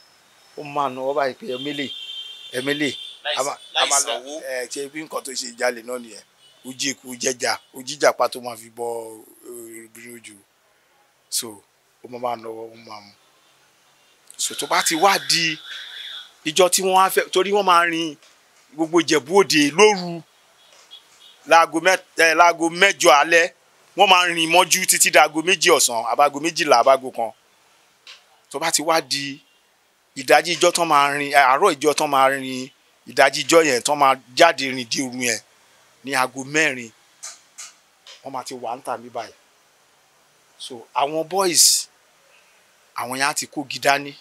ó máa nà ọ́ báyìí pé ẹ̀mẹ́lẹ̀ ẹ̀mẹ́lẹ̀ a máa lọ ẹ̀ ṣe bí nǹkan tó ṣe jalè náà nìyẹn ojú ikú jẹjà ojíjàpá tó máa fi bọ ìrìbìrì eh, ojú so ó máa máa lọ́wọ́ ó máa mú so tó bá ti wá di ìjọ tí wọ́n á fẹ́ torí wọ́n máa rin gbogbo Ìjẹ̀bú Òde lóru láago eh, mẹ́jọ alẹ́ wọ́n máa rìn mọ́jú títí dáago méjì ọ̀sán àbágo méjìlá àbágo kan tó bá ti wá di ìdájí ìjọ tán máa rin eh, àárọ̀ ìjọ tán máa rin ìdájí ìjọ yẹn tán máa jáde rìn di òru yẹn ní aago mẹ́rin wọ́n máa ti wà ń tà báyìí so àwọn boys àwọn yẹn á ti kó gidá ní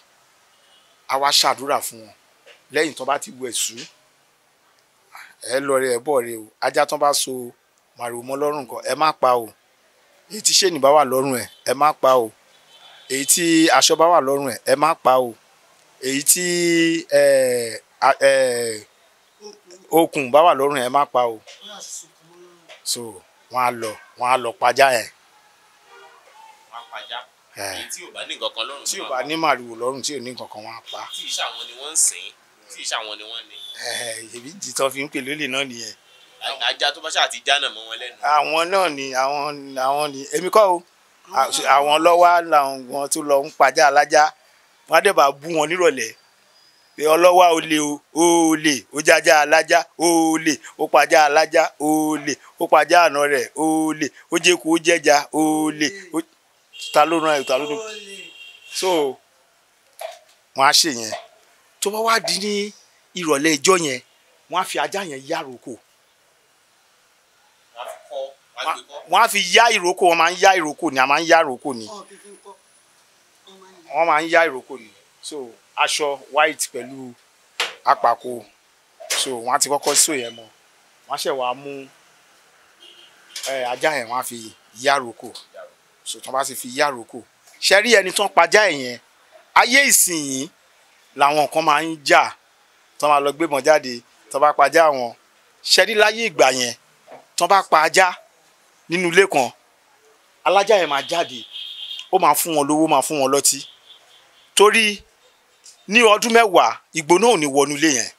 a wá ṣàdúrà fún wọn lẹ́yìn tó bá ti wẹ̀ sùn ẹ lọ rẹ ẹ bọ̀ rẹ o ajá tó bá so màrìwò mọ́ lọ́rùn kan ẹ má pa o èyí tí ṣèǹbá wà lọ́rùn ẹ ẹ má pa o èyí tí aṣọ bá wà lọ́rùn ẹ ẹ má pa o èyí tí ẹ ẹ okùn bá wà lọ́rùn yẹn má pa o so wọ́n á lọ wọ́n á lọ pajá yẹn. wọ́n á pajá tí ò bá ní kankan lọ́rùn tí ò bá ní màlúù lọ́rùn tí ò ní kankan wọ́n á pa. tí ìṣe àwọn ni wọ́n ń sìn tí ìṣe àwọn ni wọ́n ní. èmi jìtọ́ fi ń pè lólè náà nìyẹn. ajá tó bá ṣáà ti já náà mọ́ wọn lẹ́nu. àwọn náà ni àwọn àwọn ni èmi kọ́ o àwọn lọ́wọ́ làwọn tó lọ ń pajá alájá wọ́n á dẹ̀ bá bú wọn nírọ̀lẹ́ ọlọ́wà olè o ole ó jájá alájá olè ó pajá alájá olè ó pajá àna rẹ̀ olè ó jẹ́kù ó jẹ́jà olè ta ló ẹ̀ so wọ́n á ṣe yẹn tó bá wá di ní ìrọ̀lẹ́ ẹjọ́ yẹn wọ́n á fi ajá yẹn yá ìrókò wọ́n á fi yá ìrókò wọ́n máa ń yá ni a máa ń yá ìrókò ni máa ń yá ni. so aṣọ white pẹ̀lú àpàkò so wọ́n á ti kọ́kọ́ so yẹn mọ́ wọ́n á ṣẹ̀ mú ajá yẹn wọ́n á fi yároko so tí wọ́n bá sì fi yároko ṣe rí ẹni tó ń pajá yẹn ayé ìsìn làwọn kan máa ń jà tí wọ́n máa lọ gbébọn jáde tí wọ́n bá pajá wọn ṣe rí láyé ìgbà yẹn tí wọ́n bá pa ajá nínú ilé kan alájà yẹn máa jáde ó máa fún wọn lówó máa fún wọn lọ́tí torí ní ọdún mẹ́wàá igbó náà ò ní wọnú ilé yẹn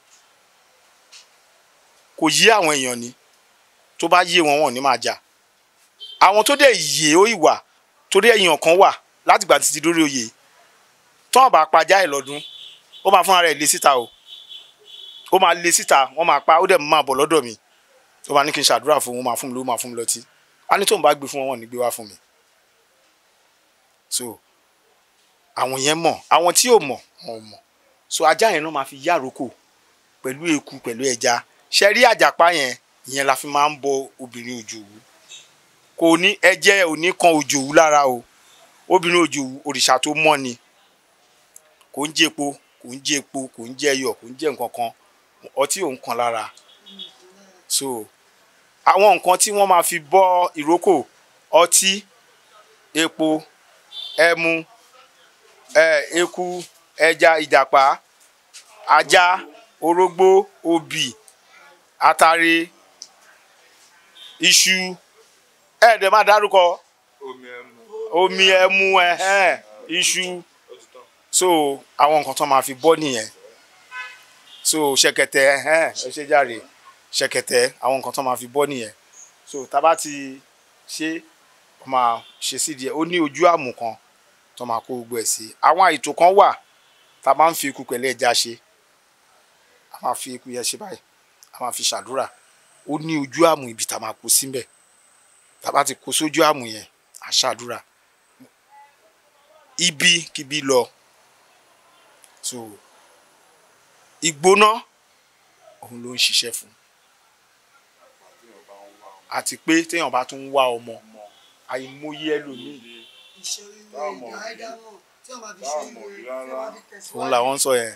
kò yé àwọn èèyàn ni tó bá yé wọn wọn ní máa jà àwọn tó dẹ̀ yé ó ìwà torí èèyàn kan wà látìgbà títí lórí oyè tán bá pajá ẹ̀ lọ́dún ó máa fún ara ẹ̀ lé síta o ó máa lé síta wọ́n máa pa ó dẹ̀ máa bọ̀ lọ́dọ̀ mi ó máa ní kí n ṣàdúrà fún wọn máa fún mi ló máa fún mi lọ́tí á ní tóun bá gbé fún wọn wọn ní gbé wá fún mi so àwọn yẹn mọ̀ àwọn tí ò mọ̀ wọn mọ̀ so ajá yẹn náà máa fi yá àrókò pẹ̀lú eku pẹ̀lú ẹja ṣe rí àjàpá yẹn ìyẹn la fi máa ń bọ obìnrin òjòwú kò ní ẹjẹ òní kan òjòwú lára o obìnrin òjòwú òrìṣà tó mọ́ ni kò ń jẹ epo kò ń jẹ epo kò ń jẹ ẹyọ kò ń jẹ nǹkan kan ọtí òun kan lára so àwọn nǹkan tí wọ́n máa fi bọ́ ìrókò ọtí epo ẹmu ẹ eku. Eh, ẹja ìjàpá ajá orógbó obì atare iṣu ẹ̀ẹ́dẹ̀ má dárúkọ omi ẹmu ẹ̀hẹ́n iṣu so àwọn nǹkan tó máa fi bọ́ nìyẹn so ṣẹ̀kẹ̀tẹ̀ ẹ̀hẹ́n ẹ ṣe jàre ṣẹ̀kẹ̀tẹ̀ àwọn nǹkan tó máa fi bọ́ nìyẹn so tá bá ti ṣe máa ṣe sídìí ẹ ó ní ojú àmù kan tó máa kó gbogbo ẹ̀ sí àwọn àìtò kan wà tá a máa ń fi ikú pẹ̀lú ẹja ṣe a máa fi ikú yẹn ṣe báyìí a máa fi ṣàdúrà ó ní ojú àmù ibi tá a máa kó síbẹ̀ tá a bá ti kó sójú àmù yẹn à ṣàdúrà ibi kíbi lọ so ìgbóná òun ló ń ṣiṣẹ́ fún àti pé téèyàn bá tún ń wá ọmọ àìmọye ẹlòmíì òun làwọn sọ yẹn.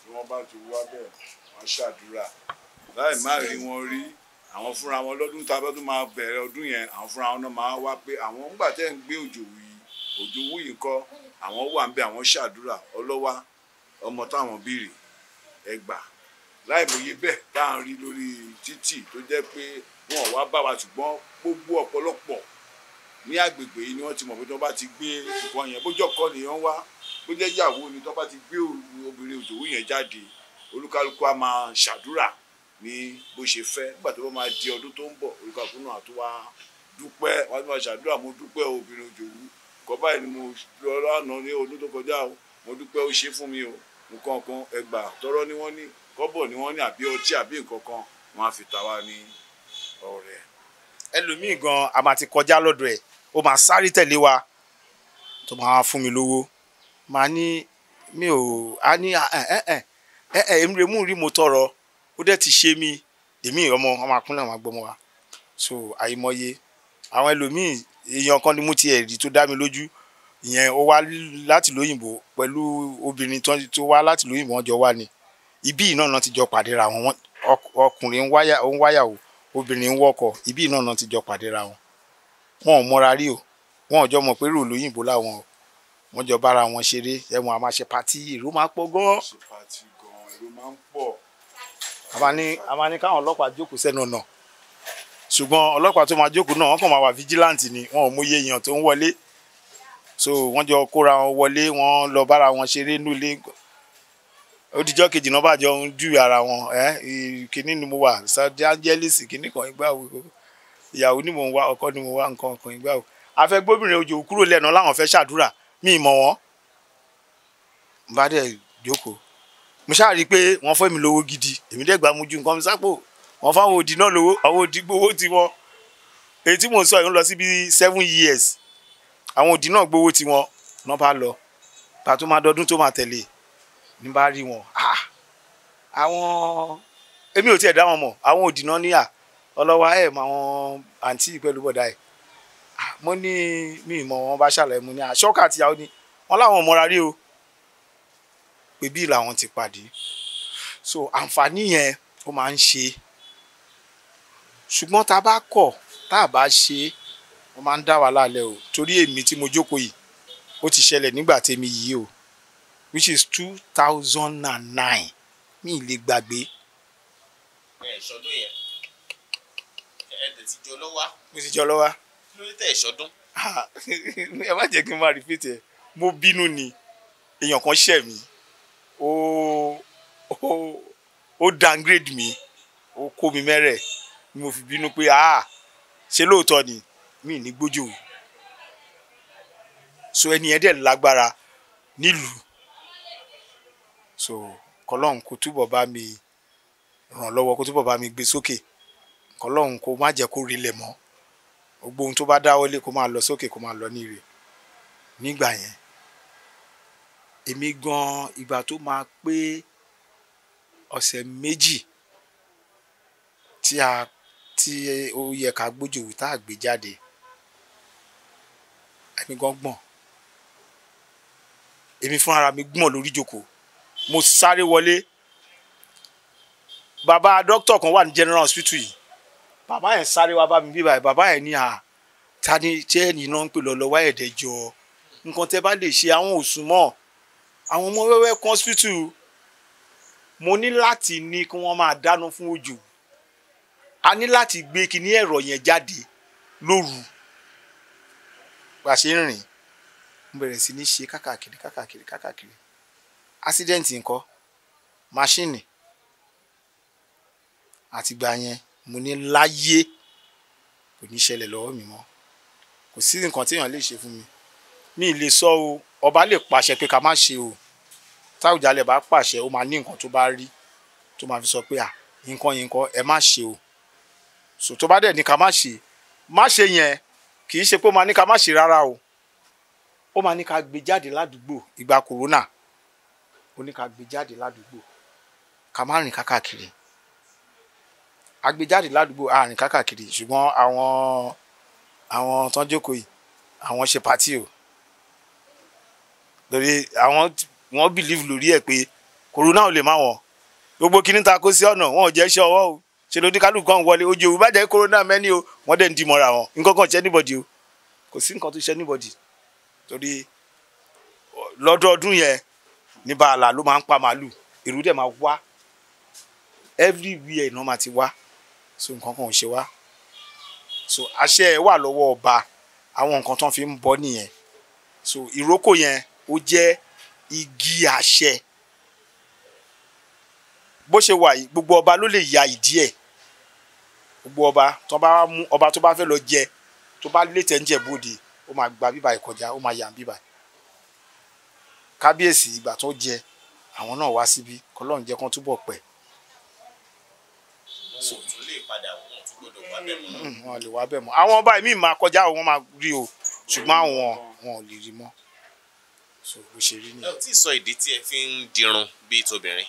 tí wọ́n bá ti wá bẹ́ẹ̀ wọ́n ṣàdúrà láì má rí wọn rí àwọn fúnra wọn lọ́dún tá a bá tún máa bẹ̀rẹ̀ ọdún yẹn àwọn fúnra wọn náà máa wá pé àwọn ńgbà tẹ́ ń gbé òjò yìí òjò wú kọ́ àwọn wà ń bẹ àwọn ṣàdúrà ọlọ́wà ọmọ táwọn bìrì ẹgbà láìmọye bẹ́ẹ̀ tá à ń rí lórí títì tó jẹ́ pé wọn ò wá bá wa ṣùgbọ́n gbogbo ọ̀pọ̀lọpọ̀ ní agbègbè yìí ni wọ́n ti mọ̀ pé tí wọ́n bá ti gbé nǹkan yẹn bójú ọkọ nìyẹn wá bójú ìyàwó ni tí wọ́n bá ti gbé obìnrin òjòwú yẹn jáde olúkálukú á máa ṣàdúrà ní bó ṣe fẹ́ nígbà tó bá máa di ọdún tó ń bọ̀ olúkálukú náà tó wá dúpẹ́ wá tó máa ṣàdúrà mo dúpẹ́ obìnrin òjòwú kọ́ báyìí ni mo lọ lánàá ní ọdún tó kọjá o mo dúpẹ́ ó ṣe fún mi o nǹkan kan ẹgbà tọrọ ni wọ́n ní kọ́bọ̀ ni wọ́n ní àbí ọtí àbí nǹkan kan wọ́n á fi ta ní ọ̀rẹ́ ẹlòmíì gan a máa ti kọjá lọ́dọ̀ ẹ̀ ó máa sáré tẹ̀lé wa tó máa fún mi lówó màá ní mi ò á ní ẹ ẹ ẹ ẹ rí mo tọrọ ó dẹ̀ ti ṣe mí èmi ọmọ ọmọ akúnlẹ̀ àwọn agbọmọ wa so àìmọye àwọn ẹlòmíì èèyàn kan ni mo ti ẹ̀rí tó dá mi lójú ìyẹn ó wá láti lóyìnbó pẹ̀lú obìnrin tó wá láti lóyìnbó wọn jọ wá ni ibí náà náà ti jọ pàdé ra wọn ọkùnrin ń wáyà ó ń wáyà o obìnrin ń wọkọ ibí náà náà ti jọ pàdé ra wọn wọn ò mọra rí o wọn ò jọ mọ̀ pé ròlù òyìnbó làwọn o wọn jọ bára wọn ṣeré ẹwọn a máa ṣe pati èrò máa pọ̀ gan. ṣe pati gan èrò máa ń pọ̀. a máa ní káwọn ọlọ́pàá jókòó sẹ́nu ọ̀nà ṣùgbọ́n ọlọ́pàá tó máa jókòó náà wọ́n kàn máa wà fíjìláǹtì ni wọn ò mú iye èèyàn tó ń wọlé so wọ́n jọ kóra wọn wọlé wọ́n lọ bára wọn ṣeré nílé odijọ́ kejì náà bàjọ́ ń jù ara wọn ẹ́ kínní ni mo wà Los Angeles kínní kan ìgbà wo ìyàwó ni mò ń wá ọkọ ni mò ń wá nǹkan ọkùnrin gbà o afẹgbóbìnrin òjò kúrò lẹ́nu láwọn fẹ́ ṣàdúrà mi ì mọ̀ wọ́n bá dẹ̀ jókòó mo ṣáà rí i pé wọ́n fẹ́ mi lówó gidi èmi dẹ̀ gbà mojú nǹkan mi sápò wọ́n fáwọn òdì náà lówó àwọn òdì gbowó tiwọn èyí tí mò ń sọ yìí ń lọ sí bíi seven years àwọn òdì náà gbowó tiwọn náà bá lọ pàtó máa dọdún tó máa tẹ̀lé ní bá rí wọn ah! àwọn èmi ò tiẹ̀ dá wọn mọ̀ àwọn òdì náà níyà ọlọ́wà ẹ̀ mọ àwọn àǹtí pẹ̀lú bọ̀dá ẹ̀ mo ní mi ìmọ̀ wọn bá ṣàlàyé mo ní àṣọ́kà àtìyàwó ni wọn láwọn mọra rí o pé bí làwọn ti pàdé so àǹfààní yẹn ó máa ń ṣe ṣùgbọ́n tá a bá kọ̀ tá a bá ṣe wọ́n máa ń dá wa lálẹ́ o torí èmi tí mo jókòó yìí ó ti ṣẹlẹ̀ nígbà tèmi yìí o which is two thousand and nine mi ì lè gbàgbé. ẹ ṣọdún yẹn ẹ̀dẹ̀ ti jọ lọ́wọ́. mo ti jọ lọ́wọ́. kí ló dé tẹ̀ ìṣọdún. ẹ má jẹ́ kí n máa repeat ẹ̀ mo bínú ni èèyàn kan ṣẹ̀ mí ó ó ó downgrade mi ó kó mi mẹ́rẹ̀ ni mo fi bínú pé ah ṣe lóòótọ́ ni mi ní gbójú o so ẹni yẹn dẹ̀ lágbára nílùú so kọlọ́n kó túbọ̀ bá mi ràn lọ́wọ́ kó túbọ̀ bá mi gbé sókè. Okay kọlọ́run kó má jẹ́ kó rí lẹ̀ mọ́ gbogbo ohun tó bá dáwọ́lé kó máa lọ sókè kó máa lọ níre nígbà yẹn èmi gan ìgbà tó máa pé ọ̀sẹ̀ méjì tí a tí ó yẹ ká gbójòwò tá a gbé jáde èmi gan gbọ̀n èmi fúnra mi gbọ̀n lórí ìjókòó mo sáré wọlé bàbá dókítà kan wà ní general hospital yìí Baba yẹn sáré wá bá mi bí báyìí bàbá yẹn ní à ta ni jẹ́ nínú ń pè lọ́lọ́wọ́ ẹ̀ẹ́dẹ́jọ nǹkan tẹ́ bá lè ṣe àwọn òsùnmọ́ àwọn ọmọ wẹ́wẹ́ kọ́ńsítù mo ní láti ní kí wọ́n máa dáná fún òjò a ní láti gbé kíní ẹ̀rọ yẹn jáde lóru bá a ṣe ń rìn mo bẹ̀rẹ̀ sí ní ṣe kákàkiri kákàkiri kákàkiri accident nǹkan máṣíìnì àtìgbà yẹn mo ní láyé kò ní ṣẹlẹ̀ lọ́wọ́ mi mọ́ kò sí nǹkan tí èèyàn lè ṣe fún mi mi lè sọ o ọba lè pàṣẹ pé ká má ṣe o táwùjalè bá pàṣẹ ó máa ní nǹkan tó bá rí tó máa fi sọ pé à nǹkan yìí nǹkan ẹ má ṣe o so tó bá dẹ̀ ní ká má ṣe má ṣe yẹn kì í ṣe pé ó máa ní ká má ṣe rárá o ó máa ní ká gbé jáde ládùúgbò ìgbà kòrónà ó ní ká gbé jáde ládùúgbò ká má rìn kákàkiri agbèjáde ládùúgbò àárín kákàkiri ṣùgbọ́n àwọn àwọn tó ń jókòó yìí àwọn ṣe pati o lórí àwọn wọn believe lórí ẹ pé corona ò lè má wọn gbogbo kíní ta kó sí ọ̀nà wọn ò jẹ́ iṣẹ́ ọwọ́ o ṣe ló kálukú kan wọlé ojú òwú bàjẹ́ corona mẹ́ni o wọ́n dẹ̀ ń dìmọ̀ra wọn nǹkan kan ṣe anybody o kò sí nǹkan tó ṣe anybody torí lọ́dọọdún yẹn ní bàálà ló máa ń pa màálù èrú dẹ̀ máa wá everywhere iná máa ti wá so nǹkan kan ò ṣe wá so àṣẹ ẹ wà lọ́wọ́ ọba àwọn nǹkan tán fi ń bọ nìyẹn so ìrókò yẹn ó jẹ́ igi àṣẹ bó ṣe wà yìí gbogbo ọba ló lè ya ìdí ẹ̀ gbogbo ọba tó bá mú ọba tó bá fẹ́ lọ jẹ tó bá lè tẹ̀ ń jẹ bóde ó máa gba bíbà ìkọjá ó máa yà bíbà kábíyèsí ìgbà tó jẹ àwọn náà wá síbi kọlọ́run jẹ́ kán túbọ̀ pẹ́ so padà wọn tún gbọ́dọ̀ wá bẹ́ẹ̀ mọ́. Hmm, wọn lè wá bẹ́ẹ̀ mọ́ àwọn ọba mi máa kọjá wọn máa rí o ṣùgbọ́n hmm. àwọn wọn ò lè rí mọ́ so bó ṣe rí nìyẹn. ẹ ò tí ì sọ ìdí tí ẹ fi ń dirun bíi tóbìnrin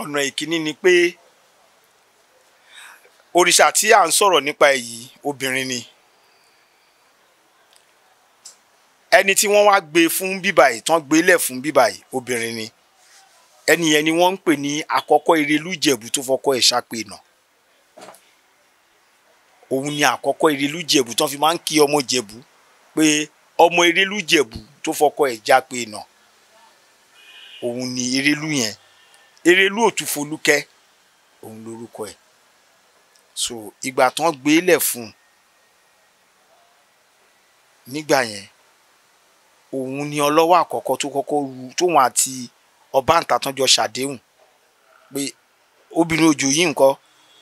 ọ̀nà ìkíní ni pé òrìṣà tí à ń sọ̀rọ̀ nípa èyí obìnrin ni ẹni tí wọ́n wá gbé fún bíbà yìí tán gbé lẹ̀ fún bíbà yìí obìnrin ni ẹni yẹn ni wọ́n ń pè ní àkọ́kọ́ Ìrẹ̀lú Ìjẹ̀bú tó fọkọ́ ẹ̀ ṣàpè nà òun ni àkọ́kọ́ Ìrẹ̀lú tán fi máa ń kí ọmọ Jẹ̀bú pé ọmọ Ìrẹ̀lú tó fọkọ́ ẹ̀ jápè nà òun ni Ìrẹ̀lú yẹn erelu òtúfolúkẹ́ òun lorúkọ ẹ̀ so ìgbà tán gbé lẹ̀ fún un nígbà yẹn òun ni ọlọ́wọ́ àkọ́kọ́ tó kọ́kọ́ ru tóun àti ọbaǹta tán jọ ṣàdéhùn pé obìnrin òjò yìí nǹkan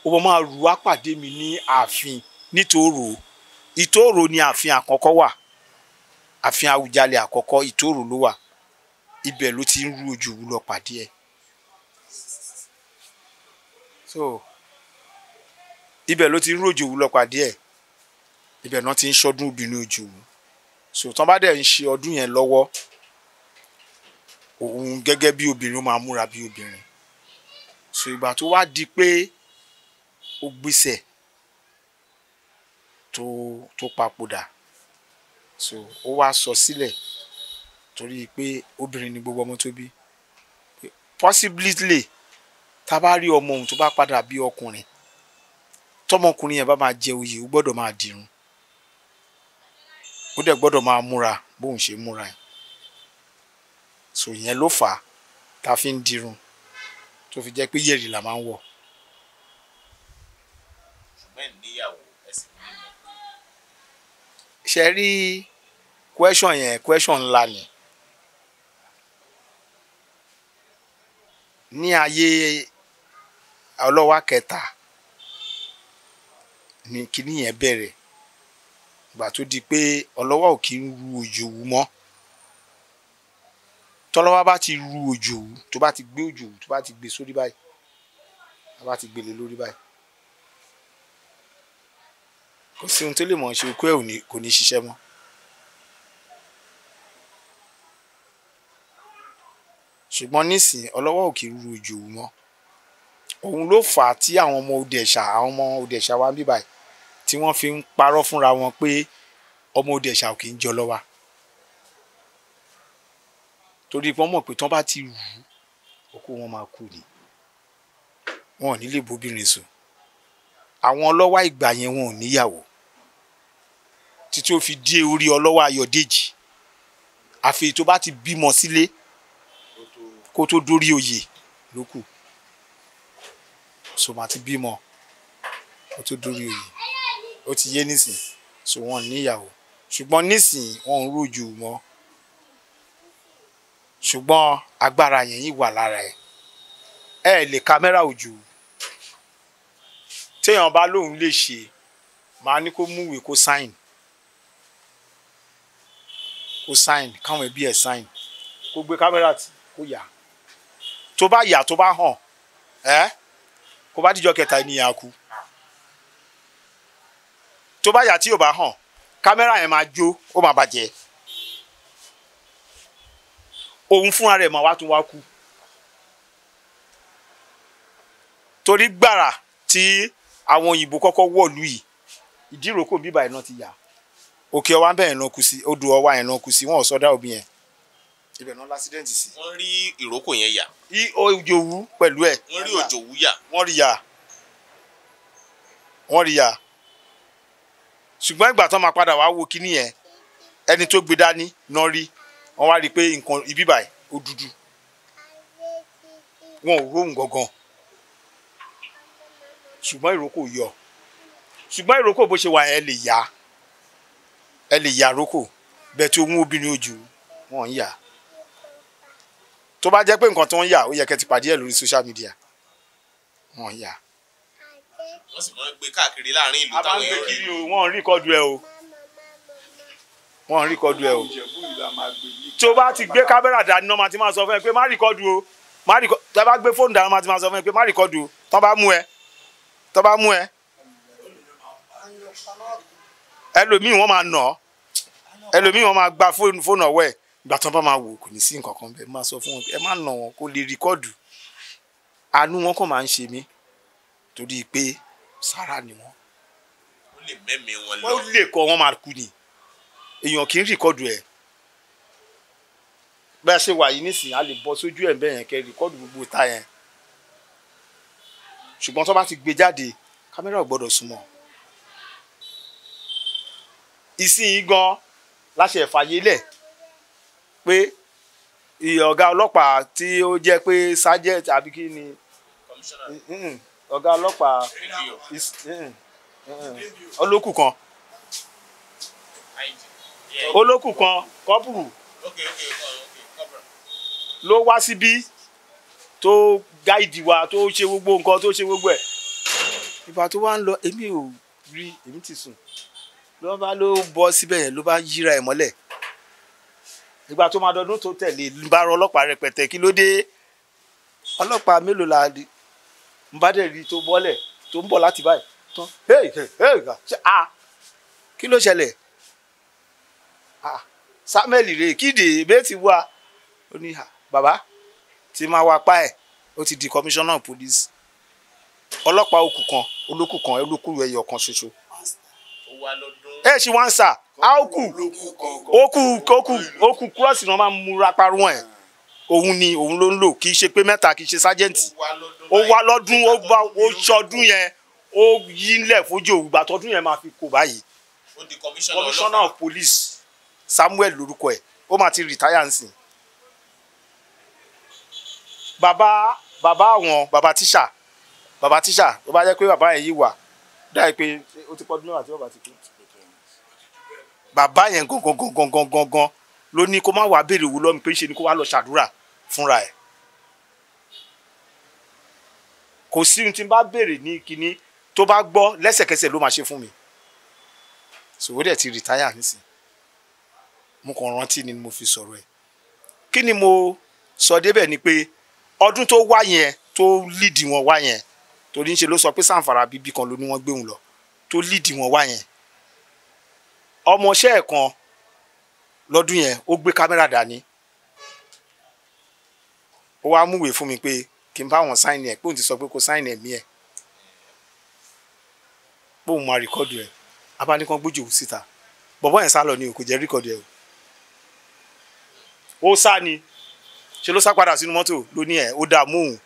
ó bọ́ máa rù wá mi ní ààfin nítòòrò ìtòòrò ni ààfin àkọ́kọ́ wà ààfin Awùjalẹ̀ àkọ́kọ́ ìtòòrò ló wà ibẹ̀ ló ti ń rú ojú òun lọ pàdé ẹ̀ so ibẹ̀ ló ti ń ròjòwú lọ pàdé ẹ̀ ibẹ̀ náà ti ń ṣọdún obìnrin òjòwú so tán bá dẹ̀ ń ṣe ọdún yẹn lọ́wọ́ òun gẹ́gẹ́ bí obìnrin ó máa múra bí obìnrin so ìgbà tó wá di pé ó gbèsè tó tó papòdà so ó wá sọ sílẹ̀ torí pé obìnrin ni gbogbo ọmọ tó bí possibly tá a bá rí ọmọ òun tó bá padà bí ọkùnrin tọmọkùnrin yẹn bá máa jẹ oyè ó gbọ́dọ̀ máa dirun ó dẹ̀ gbọ́dọ̀ máa múra bóun ṣe múra yẹn so ìyẹn ló fà á tá fi ń dirun tó fi jẹ́ pé yẹ̀rì là máa ń wọ̀. ṣe rí kwẹ́sọ̀n yẹn kwẹ́sọ̀n ńlá ni. ní ayé ọlọ́wà kẹta ni kinní yẹn bẹ̀rẹ̀ ìgbà tó di pé ọlọ́wà ò kí ń ru òjòwú mọ́ tọ́lọ́wà bá ti ru òjòwú tó bá ti gbé òjòwú tó bá ti gbé sórí báyìí tó bá ti gbélé lórí báyìí kò sí ohun tó lè mọ̀ ṣe okú ẹ̀ kò ní ṣiṣẹ́ mọ́. ṣùgbọ́n nísìnyí ọlọ́wọ́ ò kí ń ru òjòwú mọ́ òun ló fà á tí àwọn ọmọ òde ẹ̀ṣà àwọn ọmọ òde ẹ̀ṣà wa ń bí báyìí tí wọ́n fi ń parọ́ fúnra wọn pé ọmọ òde ẹ̀ṣà ò kì í jọ lọ́wọ́ torí pé wọ́n mọ̀ pé tí wọ́n bá ti rù ú òkú wọn máa kú ni wọn ò ní lè bóbìnrin sùn àwọn ọlọ́wà ìgbà yẹn wọn ò níyàwó títí ó fi dé orí ọlọ́wà ayọ̀dèjì àfi tó bá ti bímọ sílé kó tó dórí oyè ló so màá ti bímọ ó tó dórí oyè ó ti yé nísìn so wọn níyàwó ṣùgbọ́n nísìn wọn ń rojú mọ́ ṣùgbọ́n agbára yẹn yìí wà lára ẹ̀ ẹ lè kámẹ́rà òjò téèyàn bá lóun lè ṣe màá ní kó múwèé kó sáìn kó sáìn káwọn ẹbí ẹ sáìn kó gbé kámẹ́rà tì kó yà tó bá yà tó bá hàn ẹ́ eh? kó bá dìjọ́ kẹta ènìyàn kú tó bá yà tí ò bá hàn kámẹ́rà yẹn máa jó ó máa bàjẹ́ òun fúnra rẹ̀ máa wá tún wá kú torí gbàrà tí àwọn òyìnbó kọ́kọ́ wọ̀lú yìí ìdíròkò bíbà ẹ̀ náà ti yà òkè ọwá bẹ́ẹ̀ náà kú sí odò ọwá ẹ̀ náà kú sí wọn ò sọdá òbí yẹn ibẹ̀ náà lásìdẹ́ǹtì sí. wọ́n rí ìrókò yẹn yà. i òjòwú pẹ̀lú ẹ̀. wọ́n rí òjòwú yà. wọ́n rí yà wọ́n rí yà ṣùgbọ́n ìgbà tán máa padà wá wo kíní yẹn ẹni tó gbé dání náà rí wọ́n wá rí i pé nǹkan ibi báyìí ó dúdú wọn ò róhùn gangan ṣùgbọ́n ìrókò yọ ṣùgbọ́n ìrókò bó ṣe wà ẹ lè yá ẹ lè yá ìrókò bẹ́ẹ̀ tí ohun obìnrin ojú wọn ń yà tó bá jẹ́ pé nǹkan tó ń yà ó yẹ kẹ́ ti pàdé ẹ̀ lórí social media wọ́n yà. wọ́n sì máa ń gbé káàkiri láàrin ìlú táwọn èèyàn rẹ̀. wọ́n ń ríkọ́dù ẹ o wọ́n ń ríkọ́dù ẹ o tó bá ti gbé kámẹ́rà dání náà máa ti máa sọ fún ẹ pé má ríkọ́dù o má ríkọ́dù tó bá gbé fóònù dání náà máa ti máa sọ fún ẹ pé má ríkọ́dù o tó bá mú ẹ tó bá mú ẹ ẹlòmíì wọ́n máa nà ẹlòmíì wọ́n máa gba fóònù ọwọ́ ẹ̀ ìgbà tán bá máa wò kò ní sí nǹkan kan bẹ́ẹ̀ máa sọ fún wọn ẹ má nà wọn kó lè rìkọ́ọ̀dù àánú wọn kàn máa ń ṣe mí torí pé sára ni wọn. ó lè mẹ́mí wọn lọ. wọ́n lè kọ́ wọn máa kú ni èèyàn kì í rìkọ́ọ̀dù ẹ̀ bẹ́ẹ̀ ṣe wà yìí nísìnyí a lè bọ́ sójú ẹ̀ bẹ́ẹ̀ yẹn kẹ́ rìkọ́ọ̀dù gbogbo ta yẹn ṣùgbọ́n tó bá ti gbé jáde kámẹ́rà gbọ́dọ̀ súnmọ́ ìsinyìí gan láṣẹ ìfàyè lẹ̀ pé ọ̀gá ọlọ́pàá tí ó jẹ́ pé sergeant àbí kí ni mm, mm, mm. ọ̀gá ọlọ́pàá olókù kan olókù kan kọ́pùrù ló wá síbí tó gáìdì wa tó ṣe gbogbo nǹkan tó ṣe gbogbo ẹ̀ ìgbà tó wá ń lọ èmi ò rí èmi ti sùn ló bá ló bọ́ síbẹ̀ yẹn ló bá yíra ẹ̀ mọ́lẹ̀ ìgbà tó máa dọdún tó tẹ̀lé ń bá rọ ọlọ́pàá rẹpẹtẹ kí ló dé ọlọ́pàá mélòó la ń bá dẹ̀ rí tó bọ́lẹ̀ tó ń bọ̀ láti báyìí tán hey hey ah, ah kí ló ṣẹlẹ̀ ah samuel rè kéde bẹ́ẹ̀ ti wá ó ní ah, bàbá tí máa wá pa ẹ̀ ó ti di commissioner of police ọlọ́pàá okùn kan olókùn kan olókùn ẹyọ kan ṣoṣo ẹ ṣì wá ń sà á ó kù ó kù ó kù ó kù kúrọ́ọ̀sì náà máa ń múra parun ẹ̀ òun ni òun ló ń lò kì í ṣe pé mẹ́ta kì í ṣe sájẹ́ǹtì ó wá lọ́dún ó bá ó ṣọdún yẹn ó yí ńlẹ̀ fojú ògbà tọdún yẹn máa fi kó báyìí commissioner of police Samuel lórúkọ ẹ̀ ó máa ti retire nsìn bàbá bàbá àwọn bàbá tíṣà bàbá tíṣà tó bá jẹ́ pé bàbá yẹn yìí wà dáì pé ó ti pọ́dún mẹ́wàá tí bàbá ti kú. bàbá yẹn gangan gangan gangan gangan ló ní kó má wàá béèrè owó lọ́mi pé ṣe ni kó wá lọ ṣàdúrà fúnra ẹ̀ kò sí ohun tí n bá béèrè ní kinní tó bá gbọ́ lẹ́sẹ̀kẹsẹ̀ ló máa ṣe fún mi ṣòwò dẹ̀ ti rìtáyà nísìn mo kàn rántí ni mo fi sọ̀rọ̀ ẹ̀ kí ni mo sọ débẹ̀ ni pé ọdún tó wá yẹn tó lídìí wọn wá yẹn torí ń ṣe ló sọ pé sàǹfàrà bíbí kan ló ní wọ́n gbé òun lọ tó líìdì wọn wá yẹn ọmọọṣẹ́ ẹ̀ kan lọ́dún yẹn ó gbé kámẹ́rà dání ó wá múwèé fún mi pé kí n bá wọn sáìnì ẹ̀ pé òun ti sọ pé kó sáìnì ẹ̀mí ẹ̀ pé òun máa rìkọ́dù ẹ̀ abánikan gbójú òun síta bọ̀bọ́ yẹn sá lọ ni kò jẹ́ rìkọ́dù ẹ̀ o ó sá ni ṣe ló sá padà sínú mọ́tò lóní ẹ̀ ó dààmú òun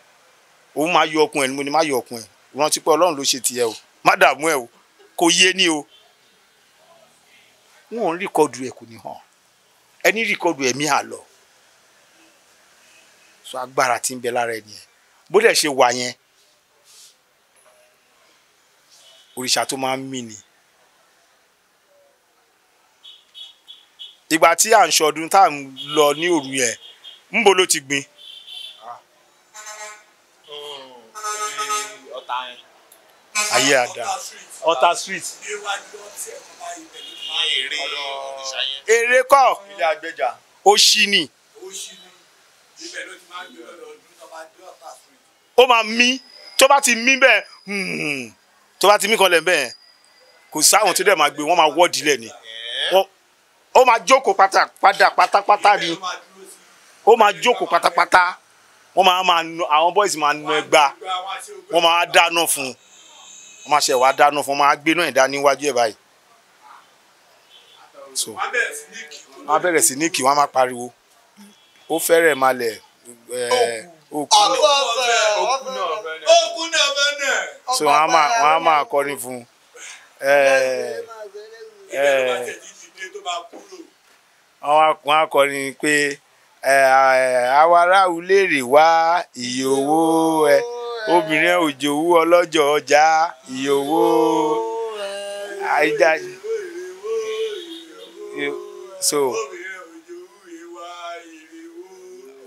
òun máa yọ ọkùn ẹ ni mo ní má yọ ọkùn ẹ rántí pé Ọlọ́run ló ṣe tiẹ̀ o má dààmú ẹ o kò yé ni o wọn ò ń rìkọdù ẹ kò ní hàn ẹni rìkọdù ẹmí àlọ sọ agbára tí ń bẹ lára ẹ nìyẹn bó dẹ̀ ṣe wà yẹn òrìṣà tó máa ń mì ni. ìgbà tí à ń ṣọdún tá à ń lọ ní òru yẹn ń bo ti gbin. ọ̀tà yẹn. ayé àdá ọ̀tà street. èrè kọ́ òṣì ni. ó máa mí tó bá ti mí bẹ́ẹ̀ hmm, tó bá ti mí kanlẹ̀ bẹ́ẹ̀ kò sáwọn tó dẹ̀ máa gbé wọ́n máa wọ́ọ̀dì lẹ̀ ni ó máa jókòó pátá pátápátá ni ó máa jókòó pátápátá wọ́n máa máa nu àwọn boys máa nu ẹgbà wọ́n máa dáná fún un wọ́n máa ṣe wá dáná fún un wọ́n máa gbé náà ìdá níwájú ẹ̀ báyìí so wọ́n á bẹ̀rẹ̀ sí ní kí wọ́n á máa pariwo ó fẹ́rẹ̀ máa lẹ̀ ẹ̀ òkú náà bẹ́ẹ̀ so wọ́n á máa wọ́n á máa kọrin fún un wọ́n á kọrin pé àwa aráàlú léèrè wá iye owó ẹ obìnrin òjòwú ọlọ́jọ́ ọjà iye owó àìdá so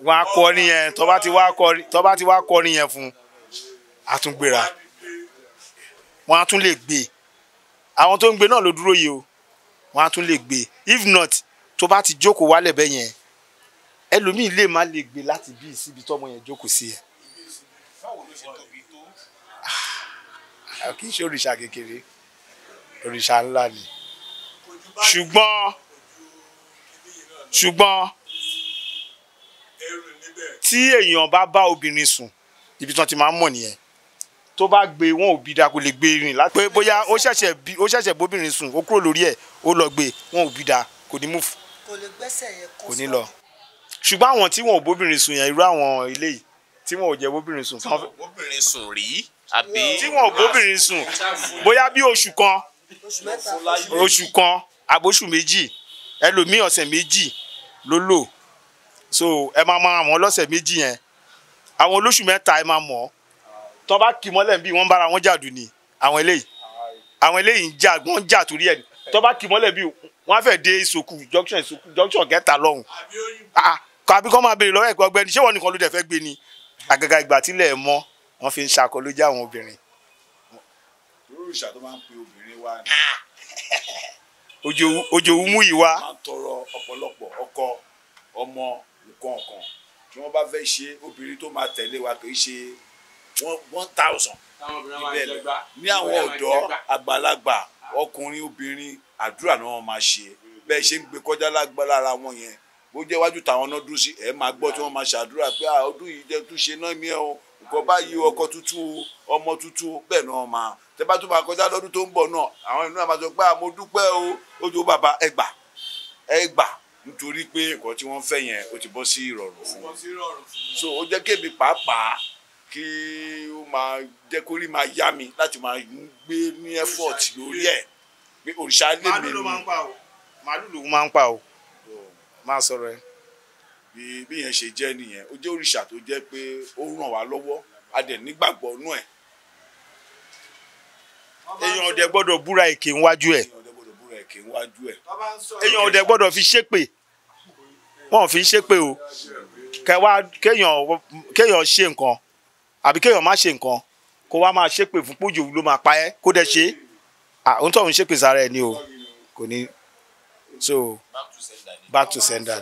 wọn akọrin yẹn tọba ti wá kọrin yẹn fún àtúngbèrà wọn á tún lè gbé àwọn tó ń gbé náà ló dúró yìí o wọn á tún lè gbé if not tó bá ti jókòó wálẹ̀ bẹ́yẹn ẹlòmíì lè má lè gbé láti bí síbi tọ́mọ yẹn jókòó sí ẹ. báwo ló ṣe tóbi tó. Ah, kì í ṣe òrìṣà kékeré òrìṣà ńlá ni ṣùgbọ́n ṣùgbọ́n tí èèyàn bá bá obìnrin sùn ibi tí wọ́n ti máa ń mọ̀ nìyẹn tó bá gbé wọn ò bí da kò lè gbé rìn láti. pé bóyá ó ṣẹ̀ṣẹ̀ bí ó ṣẹ̀ṣẹ̀ bóbìnrin sùn ó kúrò lórí ẹ̀ ó lọ gbé wọn ò bí da kò ní múfù. kò lè gbẹ́sẹ̀ yẹn kó sọ. kò ní lọ ṣùgbọ́n àwọn tí wọn ò bóbìnrin sùn yẹn irú àwọn ilé yìí tí wọn ò jẹ́ bóbìnrin sùn. tí wọn ò bóbìnrin sùn rí àbí. tí wọn ò bóbìnrin sùn bóyá bí oṣù kan oṣù kan àbóṣù méjì ẹlòmíì ọ̀sẹ̀ méjì ló lò so ẹ máa mọ àwọn ọlọ́sẹ̀ méjì yẹn àwọn olóṣù mẹ́ta ẹ máa mọ̀ ọ́ tọ́ bá kì mọ́lẹ̀ bí wọ́n bára wọn jàdù ni àwọn eléyìí àwọn eléyìí ń jà wọ́n jà torí ẹ̀ tọ́ bá kì mọ́lẹ̀ bí wọ́n á fẹ́ dé ìsòkù junction ìsòkù junction kẹta lọ́hùn kàbí kọ́ máa béèrè lọ́wọ́ ẹ̀kọ́ ọgbẹ́ni ṣé wọ́n nìkan ló dẹ̀ fẹ́ gbé ni àgàgà ìgbà tílẹ̀ mọ́ wọ́n fi ń ṣakọ lójú àwọn obìnrin. irú tó máa ń pe obìnrin wá ni. Ah! ojú òwú mú yìí wá. máa ń tọrọ ọ̀pọ̀lọpọ̀ ọkọ ọmọ nǹkan kan tí wọ́n bá fẹ́ ṣe obìnrin tó máa tẹ̀lé wa kì í ṣe one thousand ní àwọn ọ̀dọ́ àgbàlagbà ọkùnrin bó jẹ́ wájú táwọn náà dúró sí ẹ máa gbọ́ tí wọ́n máa ṣàdúrà pé ọdún yìí jẹ́ tún ṣe náà mí ẹ o nǹkan báyìí ọkọ tuntun ọmọ tuntun bẹ́ẹ̀ náà máa tẹ bá máa kọjá lọ́dún tó ń bọ̀ náà àwọn ìlú náà pé mo dúpẹ́ o ojú bàbá ẹ gbà ẹ gbà nítorí pé nǹkan tí wọ́n fẹ́ yẹn ó ti bọ́ sí ìrọ̀rùn fún so ó jẹ́ kébi pàápàá kí ó máa jẹ́ kó rí máa yá mi láti máa gbé ní effort lórí ẹ̀ pé òrìṣà lè mi. màálù ló máa ń pa o màálù ló máa ń pa o máa sọ̀rọ̀ ẹ. bí bí yẹn ṣe jẹ́ nìyẹn ó jẹ́ òrìṣà tó jẹ́ pé ó ràn wá lọ́wọ́ a dẹ̀ nígbàgbọ́ nú ẹ̀. èèyàn ọ̀dẹ̀ gbọ́dọ̀ búra èké ńwájú ẹ̀ èèyàn ọ̀dẹ̀ gbọ́dọ̀ fi ṣépè wọn fi ṣépè o kéèyàn ṣe nǹkan àbí kéèyàn má ṣe nǹkan kó wá máa ṣépè fún pójò ló máa pa ẹ́ kó dẹ̀ ṣe é òun tó ń ṣépè sára ẹ̀ ni o kò ní so. back to send i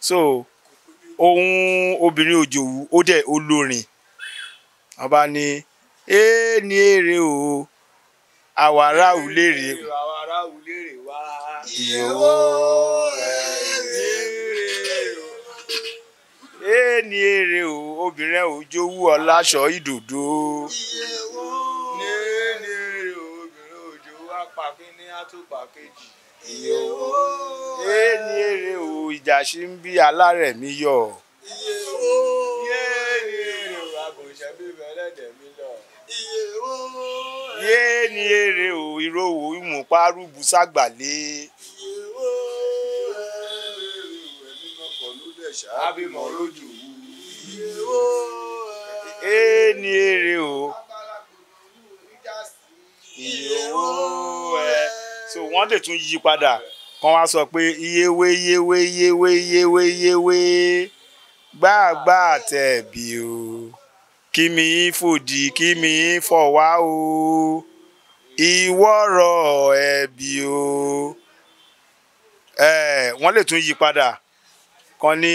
so ohun obinrin ojoo o de olorin ọba ni e ni ere o awara uleri iwe awara uleri wa iyewo re e ni ere o obinrin ojoo olasho idodo two package. iye owó. ee ni èrè o ìjà ṣe ń bí alárẹ̀mí yọ. iye owó. yéé ni èrè o àgùnṣe bíbẹ ẹlẹ́dẹ̀ mi lọ. iye owó. yéé ni èrè o ìrówó ìmùpá rúbu ságbàlé. iye owó. ẹ̀mí mọ̀kàn ló dẹ̀ ṣáá bímọ lójú. iye owó. ee ni èrè o. iye owó so wọ́n lè tún yí padà kan wá sọ pé iyewé iyewé iyewé iyewé iyewé gbàgbà tẹ̀bi o kí mi fòdì kí mi fọ̀wá o ìwọ́rọ̀ ẹ̀bi o wọ́n lè tún yí padà kan ní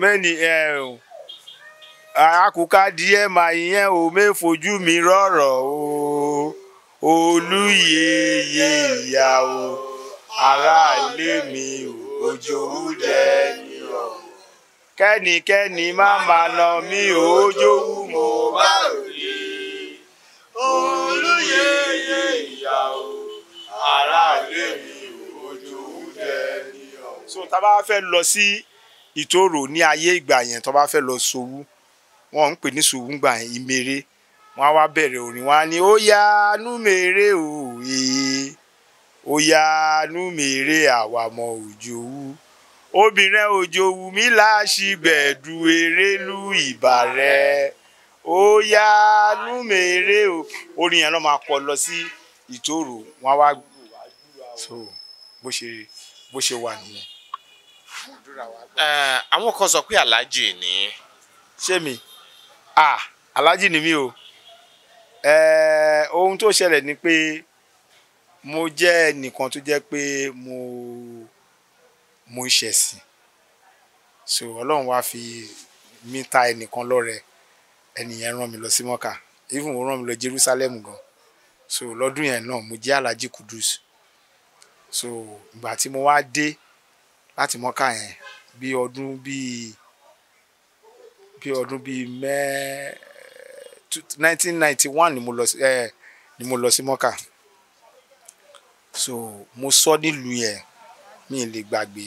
mẹ́ni àkùkà díẹ̀ màá yẹn o mẹ́fojú mi rọ̀rọ̀ o olùyẹyẹ ìyàwó aráàlé mi òjòwú dẹni ọ. kẹ́nikẹ́ni má máa nà mí òjòwú mo bá rí olùyẹyẹ ìyàwó aráàlé mi òjòwú dẹni ọ. so tá a bá fẹ́ lọ sí ìtòrò ní ayé ìgbà yẹn tó bá fẹ́ lọ sowú wọ́n ń pè ní sowú gbà yẹn wọ́n á wá bẹ̀rẹ̀ orin wọ́n á ní ó yá nú mèrè òye ó òjòwú obìnrin òjòwú mi láṣìgbẹ̀dù erélú ìbàrẹ̀ ó yá nú orin yẹn ló máa kọ lọ sí ìtòrò wọ́n á wá so bó ṣe bó ṣe wà nìyẹn. àwọn kan sọ pé aláàjì ni. ṣé mi ah aláàjì ni mí o. Eh, ohun tó ṣẹlẹ̀ ni pé mo jẹ́ ẹnìkan tó jẹ́ pé mo mo ṣẹ̀sìn so ọlọ́run wá fi mí ta ẹnìkan lọ́rẹ ẹnìyẹn rán mi lọ sí mọ́kà even ó rán mi lọ Jerusalem gan so lọ́dún yẹn náà mo jẹ́ Alhaji Kudus so ìgbà tí mo wá dé láti mọ́kà yẹn bí ọdún bíi bí ọdún bíi mẹ́ẹ́ nineteen ninety one ni mo lọ sí ẹ eh, ni mo lọ sí mọ́kà so mo sọ nílùú yẹn mi lè gbàgbé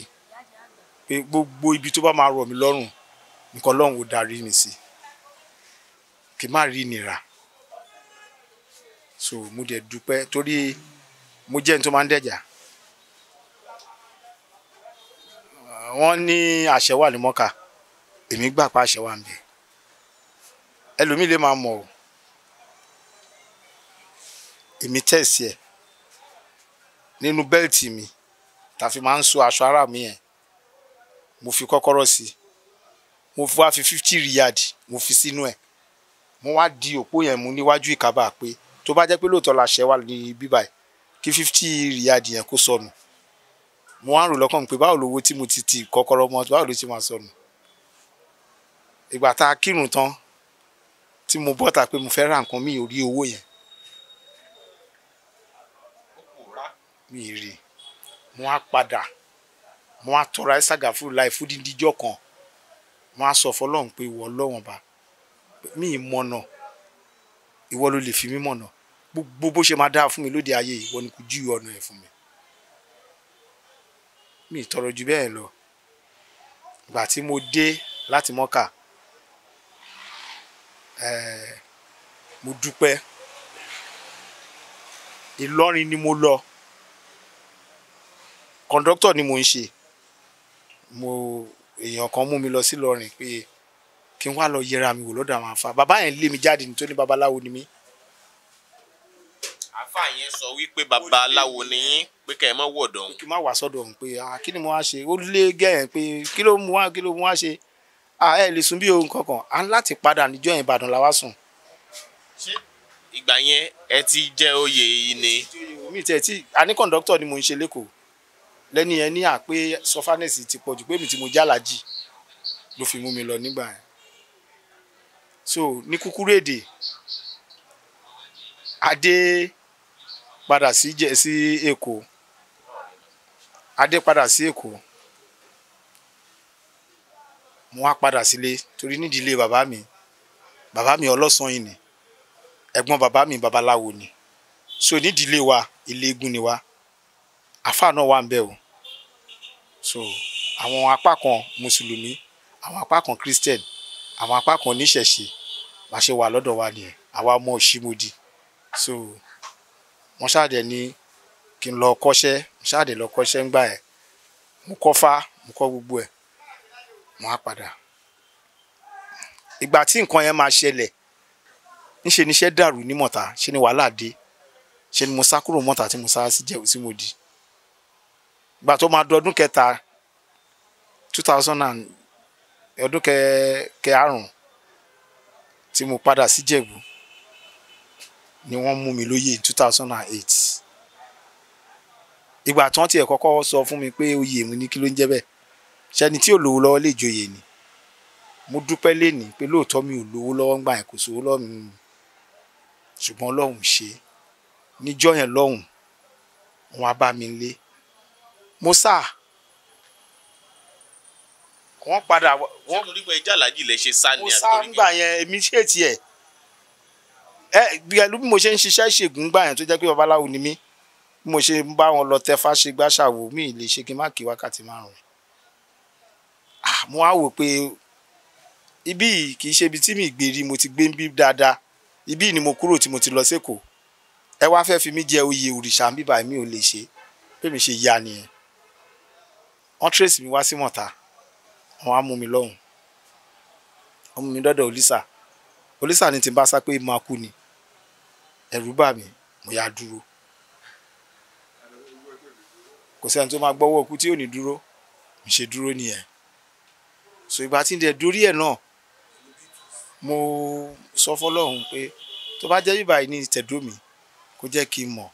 pé gbogbo ibi tó bá máa rọ̀ mí lọ́rùn nǹkan lọ́run ò darí mi sí kí má rí ìnira so mo dẹ̀ dúpẹ́ torí mo jẹ́ ní tó máa ń dẹ̀jà wọ́n ní àṣẹ wà ní mọ́kà èmi gbà pa àṣẹ wà ń bẹ̀ẹ́ ẹlòmíì lè máa mọ̀ ọ́ èmi tẹ̀sí ẹ̀ nínú bẹ́ẹ̀tì mi tàfi máa ń so aṣọ ara mi yẹn mo fi kọ́kọ́rọ́ sí i mo wá fi fifty riyad mo fi sínú ẹ̀ mo wá di òpó yẹn mú níwájú ìkábà pé tó bá jẹ́ pé lóòótọ́ la ṣẹ́ wà ní bíbáyìí kí fifty riyad yẹn kó sọnù mo wá ń rò lọ́kàn pé báwo lówó tí mo ti ti kọ́kọ́rọ́ mọ́ báwo ló ti máa sọnù ìgbà tá a kírun tán tí mo bọ́ta pé mo fẹ́ ra nǹkan mi ò rí owó yẹn mi ì rí mo á padà mo á tọrọ ẹ ṣàgàfúrú láì fúdídíjọ kan mo á sọ fọlọ́run pé ìwọ ọlọ́wọ̀n ba mi ì mọ̀nà ìwọ ló lè fi mí mọ̀nà gbogbo bó ṣe máa dáa fún mi lóde ayé ìwọ ni kò ju ọ̀nà ẹ̀ fún mi mi tọrọ ju bẹ́ẹ̀ lọ ìgbà tí mo dé láti mọ́kà Eh, mo dúpẹ́ Ìlọrin ni mo lọ kọ̀ǹdọ́tọ̀ ni mo ń ṣe mo èèyàn kan mú mi lọ sí Ìlọrin pé kí n wá lọ yẹra mi wò lọ́dọ̀ àwọn àfa bàbá yẹn lé mi jáde nítorí babaláwo ni mí. àfa yẹn sọ wípé babaláwo ni yín pé kẹ́ ẹ mọ́ wọ̀dọ̀ òun. kí n má wà sọ́dọ̀ òun pé ah, kí ni mo wá ṣe ó lé gẹ́yìn pé kí ló mú wá kí ló mú wá ṣe ẹ lè sùn bí ohun kankan à ń láti padà níjọ́ yẹn Ìbàdàn la wá sùn. ṣé ìgbà yẹn ẹ ti jẹ oyè yìí ni. mi tẹ ti a ní kọ̀ǹdọ́tọ̀ ni mo ń ṣe lẹ́kọ̀ọ́ lẹ́ni yẹn ní àpé sọfánẹ́sì ti pọ̀jù pé mi ti mo jálàjì ló fi mú mi lọ nígbà yẹn so ní kúkúrú èdè adé padà sí Èkó adé padà sí Èkó mo wá padà sílé torí nídìílé bàbá mi bàbá mi ọlọ́sàn yìí ni ẹ̀gbọ́n bàbá mi babaláwo ni so nídìílé wa ilé eégún ni wa àfáà náà wà ń bẹ̀ o so àwọn apá kan mùsùlùmí àwọn apá kan christian àwọn apá kan oníṣẹ̀ṣe bá ṣe wà lọ́dọ̀ wa nìyẹn àwa ọmọ òṣìmọ̀dì so wọ́n ṣàdẹ̀ ní kí n lọ kọ́ṣẹ́ ṣàdẹ̀ lọ kọ́ṣẹ́ ńgbà ẹ̀ mo kọ́ fá mo kọ́ gbogbo ẹ̀ wọ́n á padà. ìgbà tí nǹkan yẹn máa ṣẹlẹ̀ ńṣe níṣẹ́ dàrú ní mọ̀tà ṣe ni wàhálà dé ṣe ni mo sá kúrò mọ́tà tí mo sá sí jẹ̀wò sí mo di. ìgbà tó máa dọdún kẹta two thousand and ọdún kẹ kẹ àrùn tí mo padà sí jẹ̀bù ni wọ́n mú mi lóyè two thousand and eight ìgbà tí wọ́n tiẹ̀ kọ́kọ́ sọ fún mi pé oyè mi ní kí ló ń jẹ́ bẹ́ẹ̀ ṣẹni tí ò lówó lọ́wọ́ lè joyè ni mo dúpẹ́ lẹ́ni pé lóòótọ́ mi ò lówó lọ́wọ́ ń gbà yẹn kò sówó lọ́wọ́ mi ṣùgbọ́n Ọlọ́run ṣe níjọ́ yẹn lọ́hùn wọn á bá mi lé mo sá wọn padà wọn. nítorí pé ìjà làjì lè ṣe sá ni. mo sá ń gbà yẹn èmi ṣe tiẹ̀ ẹ pẹ̀lú bí mo ṣe ń ṣiṣẹ́ ìṣègùn gbà yẹn tó jẹ́ pé babaláwo ni mí bí mo ṣe ń bá wọn lọ tẹfá ṣe gbàṣàwò mi lè ṣe kí n má kí wákàtí márùn-ún Ah, mo á wò pé ibí yìí kì í ṣe ibi tí mi gbé rí mo ti gbé ń bí dáadáa ibí yìí ni mo kúrò tí mo ti lọ sékòó ẹ wá fẹ́ fi mí jẹ oyè òrìṣà ń bíbá mi ò lè ṣe pé mi ṣe ya nìyẹn wọ́n trace mi wá sí mọ̀ta wọ́n á mú mi lọ́hùn wọ́n mi dọ́dọ̀ olísà olísà ni tí bá sá pé máa kú ni ẹ̀rù bà mí mo yá dúró kò sẹ́ni tó máa gbọ́wọ́ òkú tí ò ní dúró mi ṣe dúró nìyẹn so ìgbà tí n dẹ̀ dórí ẹ̀ náà mo sọ fọlọ́run pé tó bá jẹ́ bíbá yìí ní ìtẹ̀dó mi kó jẹ́ kí n mọ̀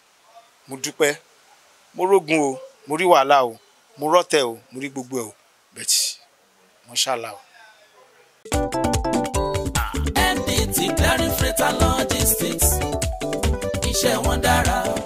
mo dúpẹ́ mo rógun o mo rí wàhálà o mo rọ́tẹ̀ o mo rí gbogbo ẹ̀ o bẹ́tì mo ṣàlà o. ẹni tí clearing freighter logistics iṣẹ́ wọn dára o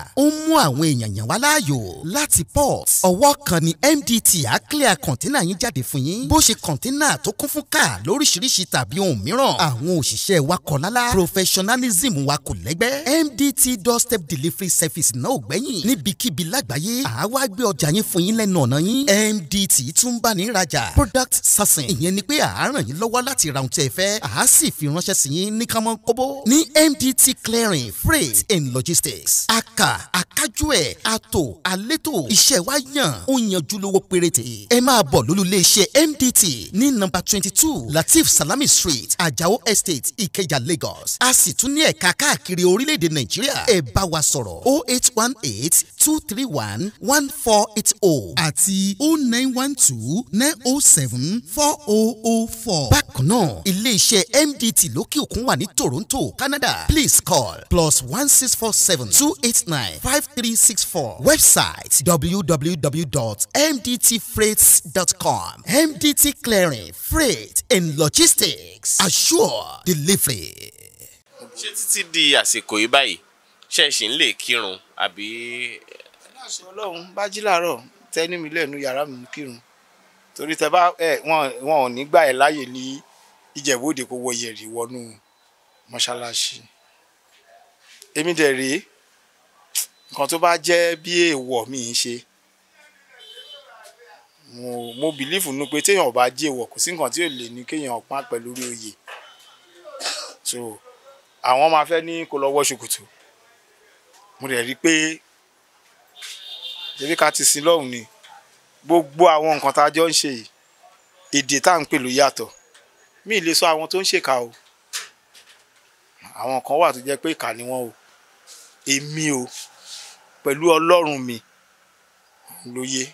ó ń mú àwọn èèyàn yàn wá láàyò láti port ọwọ́ kan ni MDT á clear kọ̀ńténà yín jáde fún yín bó ṣe kọ̀ńténà tó kún fún káà lóríṣiríṣi tàbí ohun mìíràn àwọn òṣìṣẹ́ wa kọ̀ lálá professionalism wa kò lẹ́gbẹ́ MDT doorstep delivery service náà ò gbẹ́yìn níbikíbi lágbàáyé àá wá gbé ọjà yín fún yín lẹ́nu ọ̀nà yín MDT tún bá ní rajà product sourcing ìyẹn ni pé àá ràn yín lọ́wọ́ láti ra ohun tí ẹ fẹ́ àá sì fi ránṣẹ́ sí yín ní kánmọ́ kóbó ní MDT clearing freight and logistics aka akájú ẹ̀ ato alétò iṣẹ́ wa yàn ó yanjú lówó péréte ẹ máa bọ̀ lólùléeṣẹ́ MDT ní nọ́mbà twenty two Latif Salami Street Ajao Estate Ikeja Lagos a sì tún ní ẹ̀ka káàkiri orílẹ̀-èdè Nàìjíríà ẹ bá wa sọ̀rọ̀ o oh eight one eight two three one one four eight oh àti o oh nine one two nine oh seven four oh oh four. bákan náà iléeṣẹ́ MDT lókè òkun wà ní Toronto Canada please call plus one six four seven two eight nine nine five three six four website www.mdtfreights.com MDT Clearing Freight and Logistics assure delivery. ṣé títí di àsìkò yìí báyìí ṣẹ́ẹ̀ṣì ń lè kírun àbí. aláṣọ ọlọ́run bá jí làárọ̀ tẹ́ni mi lẹ́nu yàrá mi kírun torí tẹ bá wọn ò ní gbà ẹ láàyè ní Ìjẹ̀bú-Òde kó wọ yẹ̀rì wọnú mọ́ṣáláṣí èmi dẹ̀ rèé nǹkan tó bá jẹ́ bí èèwọ̀ mi ń ṣe mo mo bìlífù nu pé téèyàn ò bá jẹ́ èèwọ̀ kò sí nǹkan tí ò lè ní kéèyàn pán pẹ̀lú orí oyè so àwọn máa fẹ́ ní kó lọ wọ ṣòkòtò mo dẹ̀ rí i pé ṣebí ká ti sin lọ́hùn ni gbogbo àwọn nǹkan tá a jọ ń ṣe yìí èdè tá à ń pè ló yàtọ̀ mi ì lè sọ àwọn tó ń ṣèkà o àwọn kan wà tó jẹ́ pé ìkà ni wọ́n o èmi o pẹ̀lú ọlọ́run mi lóye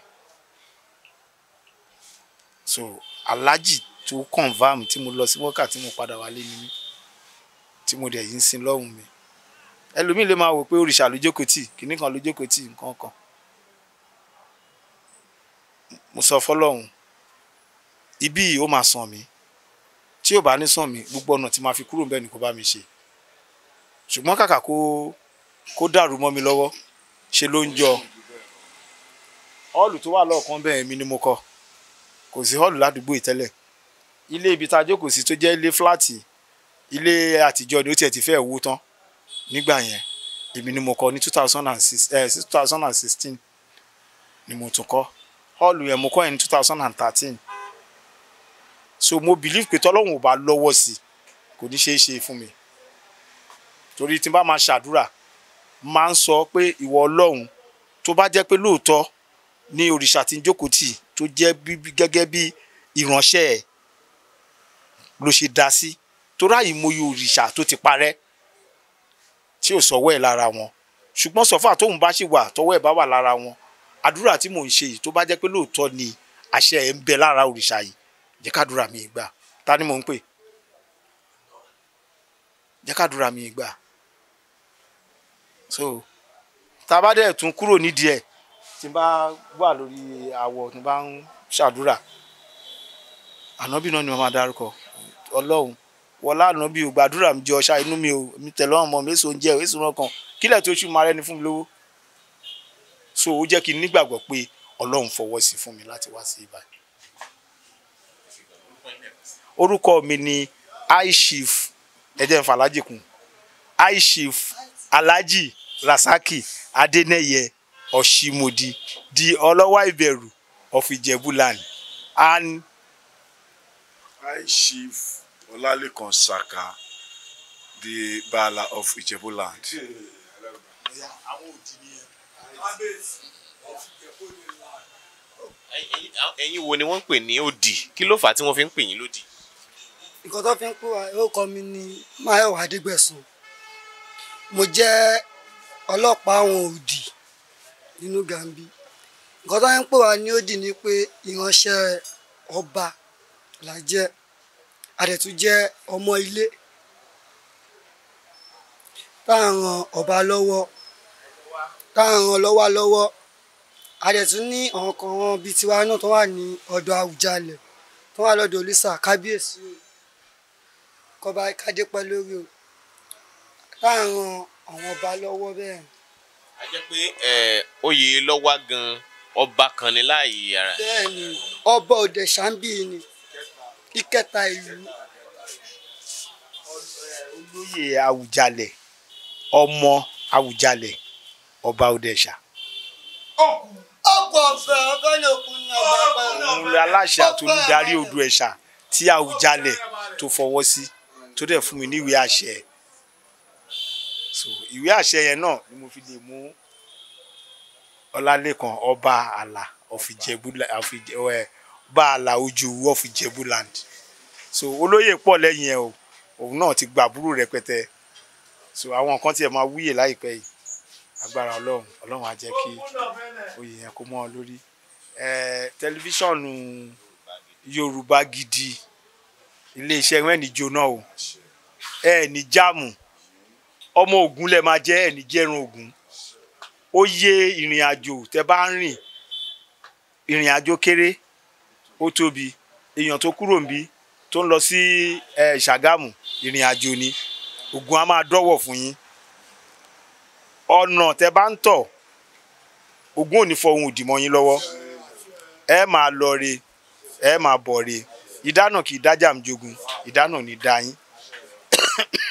so aláàjì tó confam tí mo lọ sí mọ́kà tí mo padà wálé ni mí tí mo dẹ̀ yìí ń sin lọ́hùn mi ẹlòmíì lè máa wò pé òrìṣà ló jókòó tì kìnnì kan ló jókòó tì nǹkan kan mo sọ fọlọ́hún ibí ó máa sàn mí tí ò bá ní sàn mí gbogbo ọ̀nà tí màá fi kúrò bẹ́ẹ̀ ni kò bá mi ṣe ṣùgbọ́n kàkà kó kó dàrú mọ́ mi lọ́wọ́ ṣe ló ń jọ họ́ọ̀lù tó wà lọ́ọ̀kan bẹ́ẹ̀ mi ni mo kọ́ kò sí họ́ọ̀lù ládùúgbò ìtẹ́lẹ̀ ilé ibi tá a jókòó sí tó jẹ́ ilé fúláàtì ilé àtijọ́ ni ó tiẹ̀ ti fẹ́ wó tán nígbà yẹn èmi ni mo kọ́ ní two thousand and six eh, two thousand and sixteen ni mo tún kọ́ họ́ọ̀lù yẹn mo kọ́ yẹn ní two thousand and thirteen so mo believe pé tọ́lọ́hún ò bá lọ́wọ́ sí kò ní ṣeé ṣe fún mi torí tí n bá máa ṣàdúrà máa ń sọ pé ìwọ ọlọ́run tó bá jẹ́ pé lóòótọ́ ni òrìṣà tí ń jókòó tì tó jẹ́ gẹ́gẹ́ bí ìránṣẹ́ ẹ̀ ló ṣe dá sí tó ráàyè mọyì òrìṣà tó ti parẹ́ tí ò sọ́wọ́ ẹ̀ lára wọn ṣùgbọ́n sọ́fà tóun bá ṣì wà tọ́wọ́ ẹ̀ bá wà lára wọn àdúrà tí mò ń ṣe yìí tó bá jẹ́ pé lóòótọ́ ni àṣẹ ẹ̀ ń bẹ lára òrìṣà yìí jẹ́ kádùrà mi gbà ta mò ń pè jẹ́ kádùrà mi gbà so tábà dẹ̀ tún kúrò nídìí ẹ̀ tí n bá wà lórí àwọ̀ tí n bá ń ṣàdúrà ànábì náà ni mo máa dárúkọ ọlọ́run wọlá ànábì ò gbàdúrà mi jẹ ọṣà inú mi ò mi tẹ̀lé ọmọ mi èso ń jẹ èso náà kan kílẹ̀ tó ṣù máa rẹ́ni fún mi lówó so ó jẹ́ kí n nígbàgbọ́ pé ọlọ́run fọwọ́ sí fún mi láti wá sí ibà orúkọ mi ni aishif ẹ jẹ́ n aishif alhaji rasaki adeneye oshimodi Di olowa iberu of ijebuland and high chief olalekan saka the bala of ijebuland. ẹ̀yin wo ni wọ́n ń pè ní òdì kí ló fà á tí wọ́n fi ń pè yín lódì. nǹkan tó fi ń pè wá orúkọ mi ni mayowa adégbèsùn mo jẹ́ ọlọ́pàá àwọn òdì nínú Gambi nǹkan tó ń pè wá ní òdì ni pé ìránṣẹ́ ọba la jẹ́ àdẹ̀tún jẹ́ ọmọ ilé tá à ń ran ọba lọ́wọ́ tá à ń ran ní àwọn kan bíi tiwa náà tó wà ní ọ̀dọ̀ Àwùjalẹ̀ tó wà lọ́dọ̀ Olísà kábíyèsí kọba kádé pẹ́ lórí o ká ran àwọn ọba lọ́wọ́ bẹ́ẹ̀. a jẹ́ pé oyè lọ́wọ́ gan-an ọba kan ní láàyè ara. bẹ́ẹ̀ni ọba òde ṣàǹbì ni ìkẹta ìlú. olóyè àwùjalẹ̀ ọmọ àwùjalẹ̀ ọba òdẹ̀ṣà. ọkọ̀ ọ̀fẹ́ ọgọ́nà òkun ni ọba ọba. òun aláṣẹ àtolúdarí odò ẹ̀ṣà tí àwùjalẹ̀ tó fọwọ́ sí tó dẹ̀ fún mi níwèé àṣẹ so ìwé àṣẹ yẹn náà ni mo fi lè mú ọlálẹ́kan ọba àlà ọba àlà ojú ọ̀fìjẹ́búland so olóyè pọ̀ lẹ́yìn ẹ̀ o òun náà ti gba àbúrò rẹpẹtẹ so àwọn nǹkan tiẹ̀ máa wúyè láìpẹ́ yìí agbára ọlọ́run ọlọ́run á jẹ́ kí oyè yẹn kó mọ́ ọ lórí tẹlifíṣọ̀nù yorùbá gidi iléeṣẹ́ wẹ́n ní jóná o ẹ ní jáàmù. ọmọ ogun lẹ máa jẹ ẹni jẹrun Ògùn ó yé ìrìn àjò tẹ bá ń rìn ìrìn àjò kéré ó tóbi èèyàn tó kúrò níbí tó ń lọ sí Ṣàgámù ìrìn àjò ni ogun á máa dọwọ fún yín ọ̀nà tẹ bá ń tọ̀ Ògùn ò ní fọ ohun òdì mọ́ yín lọ́wọ́ ẹ máa lọ re ẹ máa bọ̀ re ìdáná kì í dájà jogun ìdáná ní dá yín.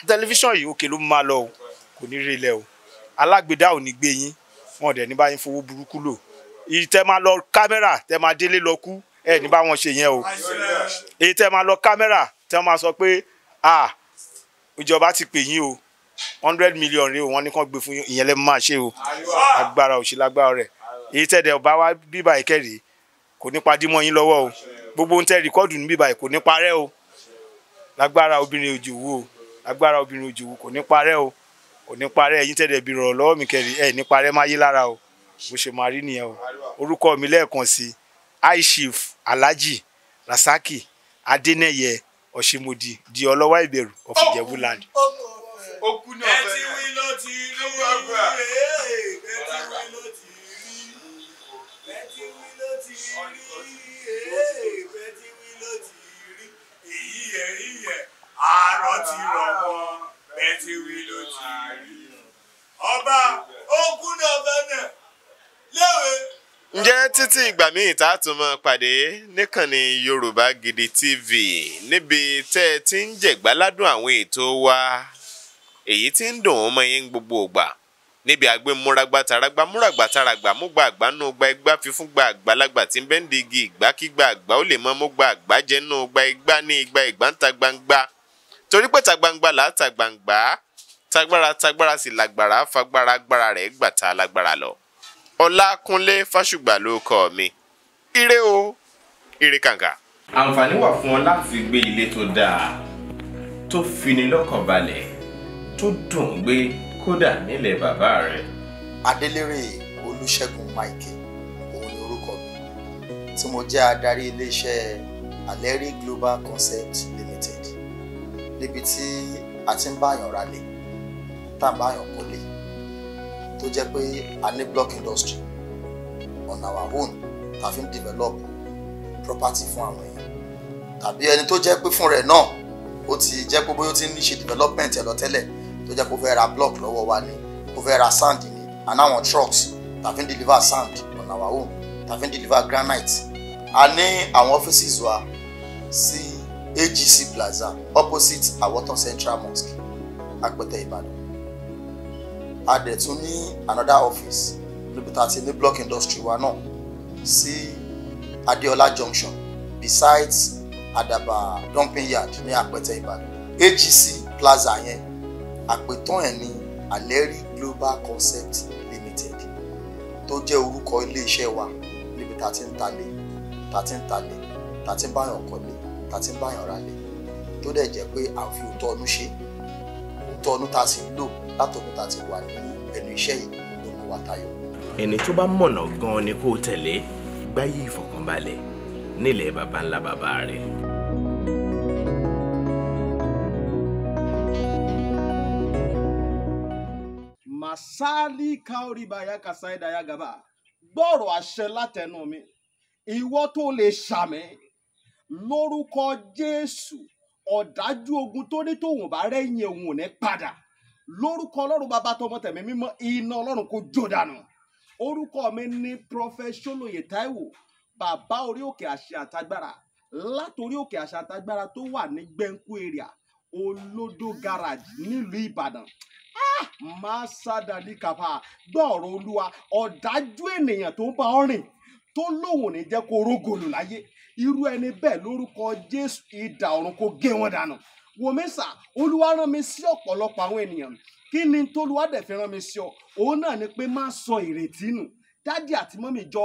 tẹlifíṣàn yìí òkè ló máa lọ o kò ní rí ilẹ̀ o alágbèdá ò ní gbé yín wọn dẹ̀ ní bá yín fowó burúkú lò ìtẹ́ máa lọ kámẹ́rà tẹ́ máa délé lọ kú ẹ̀ ní bá wọn ṣe yẹn o èyí tẹ́ máa lọ kámẹ́rà tẹ́ máa sọ pé ah ìjọba ti pè yín o hundred million rèé o wọ́n ní kàn gbé fún yín ìyẹn lẹ́ máa ṣe o agbára òṣèlágbára rẹ̀ èyí tẹ́ dẹ̀ ọba wa bíbá ìkẹ́rì kò ní padì mọ́ yín lọ́wọ́ o gbogbo ohun tẹ́ rìkọ́dù ní bíbá kò ní parẹ́ o lágbára obìnrin òjò wo o agbára obìnrin òjòwú kò ní parẹ́ o kò ní parẹ́ ẹ̀yin tẹ̀lé bí rọ̀ lọ́wọ́ mi kẹrin ẹ̀ ní parẹ́ má yí lára o bó ṣe máa rí nìyẹn o orúkọ mi lẹ́ẹ̀kan sí aishif alhaji rasaki adeneye ọ̀ṣimodi di ọlọ́wà ìbẹ̀rù of Ìjẹ̀bú land. títí ìgbà míì tá a tún máa pàdé níkànnì Yorùbá Gidi TV níbi tẹ́ ẹ ti ń jẹ̀gbá ládùn àwọn ètò wa èyí tí ń dùn ún mọ́ yín gbogbo ìgbà níbi àgbẹ̀ múragbàtàràgbà múragbàtàràgbà múgbà àgbà nù gba igbá fífún gba àgbàlagbà tí ń bẹ́ ń di igi ìgbàkígbà àgbà ó lè mọ múgbà àgbà jẹ́ nù gba igbá ní igba ìgbà ń ta gbangba torí pé ta gbangba là á ta gbangba tagbára tagbára sì lágbára fagbára agbára rẹ̀ gbàtà lágbára lọ ọlákúnlé fásùgbà ló kọ mi ire o ire kàǹkà. àǹfààní wà fún ọ láti gbé ilé tó dáa tó fini lọ́kàn balẹ̀ tó dùn gbé kódà nílẹ̀ bàbá rẹ̀. adélérè olúṣẹ́gun mike òun ni orúkọ mi tí mo jẹ́ adarí iléeṣẹ́ aleri global concept limited níbi tí a ti ń báyàn ralẹ̀ tá a báyàn kọ́lé tó jẹ́ pé a industry on our own ta fi ń develop property fún àwọn èèyàn tàbí ẹni tó jẹ́ pé fún rẹ̀ náà ó ti jẹ́ pé bóyá ó ti ń ṣe development ẹ̀ lọ tẹ́lẹ̀ tó jẹ́ pé fẹ́ ra block lọ́wọ́ wa ni ó fẹ́ ra sand ni and àwọn trucks ta fi ń deliver sand on our own ta fi ń deliver granite a ní àwọn offices wa sí AGC Plaza opposite Awotan Central Mosque Apẹtẹ Ìbàdàn a dẹ̀ tún ní another office níbi tá a ti ní block industry wa náà sí Adéọlá junction besides Àdàbà dumping yard ní Àpẹtẹ Ìbàdàn AGC plaza yẹn àpètàn ẹ̀ ní Aleri Global Concept Limited tó jẹ́ orúkọ iléeṣẹ́ wa níbi tá a ti ń talẹ̀ tá a ti ń talẹ̀ tá a ti ń báyàn kọ́lé tá a ti ń báyàn ralẹ̀ tó dẹ̀ jẹ́ pé à òótọ́ ọdún ṣe òótọ́ ọdún tá a sì ń lò látọ̀dún tá a ti wà ní ẹnu iṣẹ́ yìí ló mú wa tayọ. ẹni tó bá mọ̀nà gan-an ni kó tẹ̀lé gbáyé ìfọ̀kànbalẹ̀ nílẹ̀ baba ńlá baba rẹ̀. masali kaoribaya kasaidaya gaba gbọ́rọ̀ àṣẹ látẹnu mi ìwọ tó lè ṣàmì lórúkọ jésù ọ̀dájú ogun tó ní tòun bá rẹ́yìn òun ò ní padà lórúkọ ọlọ́run bàbá tọmọ tẹ̀mí mímọ́ iná ọlọ́run kò jó dànù orúkọ mi ní prọfẹsọlóye Táíwò bàbá orí òkè àṣẹ àtagbára látòrí òkè àṣẹ àtagbára tó wà ní gbẹ̀ǹkú area olódó garage nílùú Ìbàdàn ah, máṣádáníkàfà gbọ́ọ̀rọ̀ olúwa ọ̀dájú ènìyàn tó ń bá ọ rìn tó lóhùn ní jẹ́ kó rógòlù láyé irú ẹni bẹ́ẹ̀ lórúkọ Jésù idà ọ̀run kó gé wọn dànù wò mí sà olúwa rán mi sí ọ̀pọ̀lọpọ̀ àwọn ènìyàn kí ni tolúwa dẹ̀ fi rán mi sí ọ òun náà ni pé má sọ ìrètí nù dádì àti mọ́mì jọ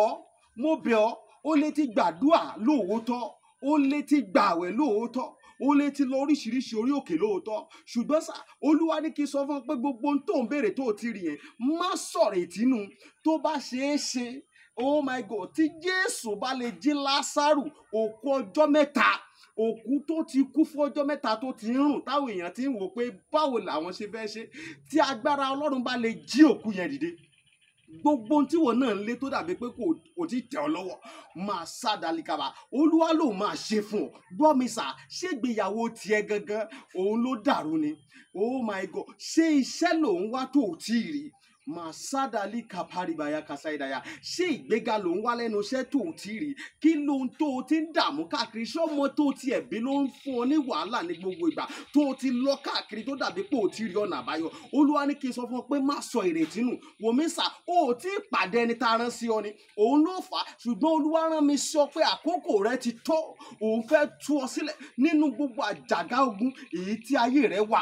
mo bẹ̀ ọ́ ó lè ti gbàdúà lóòótọ́ ó lè ti gbààwẹ̀ lóòótọ́ ó lè ti lọ oríṣiríṣi orí òkè lóòótọ́ ṣùgbọ́n sá olúwa ní kí n sọ fún ọ pé gbogbo ohun tó ń béèrè tó ti rí yẹn má sọ̀rọ̀ ìtinú tó bá ṣeé ṣe oh my god ti jésù bá lè jí lásàrù òkú ọjọ́ mẹ́ta òkú tó ti kú fọ́jọ́ mẹ́ta tó ti ń rùn táwọn èèyàn ti ń wò pé báwo làwọn ṣe fẹ́ ṣe tí agbára ọlọ́run bá lè jí òkú yẹn dìde gbogbo ohun tíwọ náà ń lé tó dàbí pé kò tí tẹ̀ ọ́ lọ́wọ́ máa sá dalikaba olúwa ló máa ṣe fún ọ gbọ́ mi sà ṣégbéyàwó tiẹ̀ gangan òun ló dàrú ni oh my god ṣé iṣẹ́ lòun wá tó ò tí ì rí màsádàlì kàpárìbàyà kàsáìdàyà ṣé ìgbéga ló ń wá lẹ́nu iṣẹ́ tó ti rí kí ló ń tó o ti ń dààmú káàkiri ṣé ọmọ tó ti ẹ̀bí ló ń fún ọ ní wàhálà ní gbogbo ìgbà tó o ti lọ káàkiri tó dàbí pé o ti rí ọ̀nà àbáyọ olúwa ní kí n sọ fún ọ pé má sọ ìrètí nù wòmí o ò tí ì pàdé ẹni tá a rán sí ọ ni òun ló fà á ṣùgbọ́n olúwa rán mi sọ pé àkókò rẹ ti tó òun fẹ́ tú ọ sílẹ̀ nínú gbogbo àjàgà ogun èyí tí ayé rẹ wà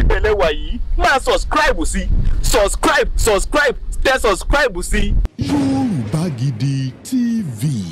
ibẹ̀lẹ̀ wà máa subscribe sí subscribe subscribe tẹ subscribe sí. Yorùbá Gidi TV.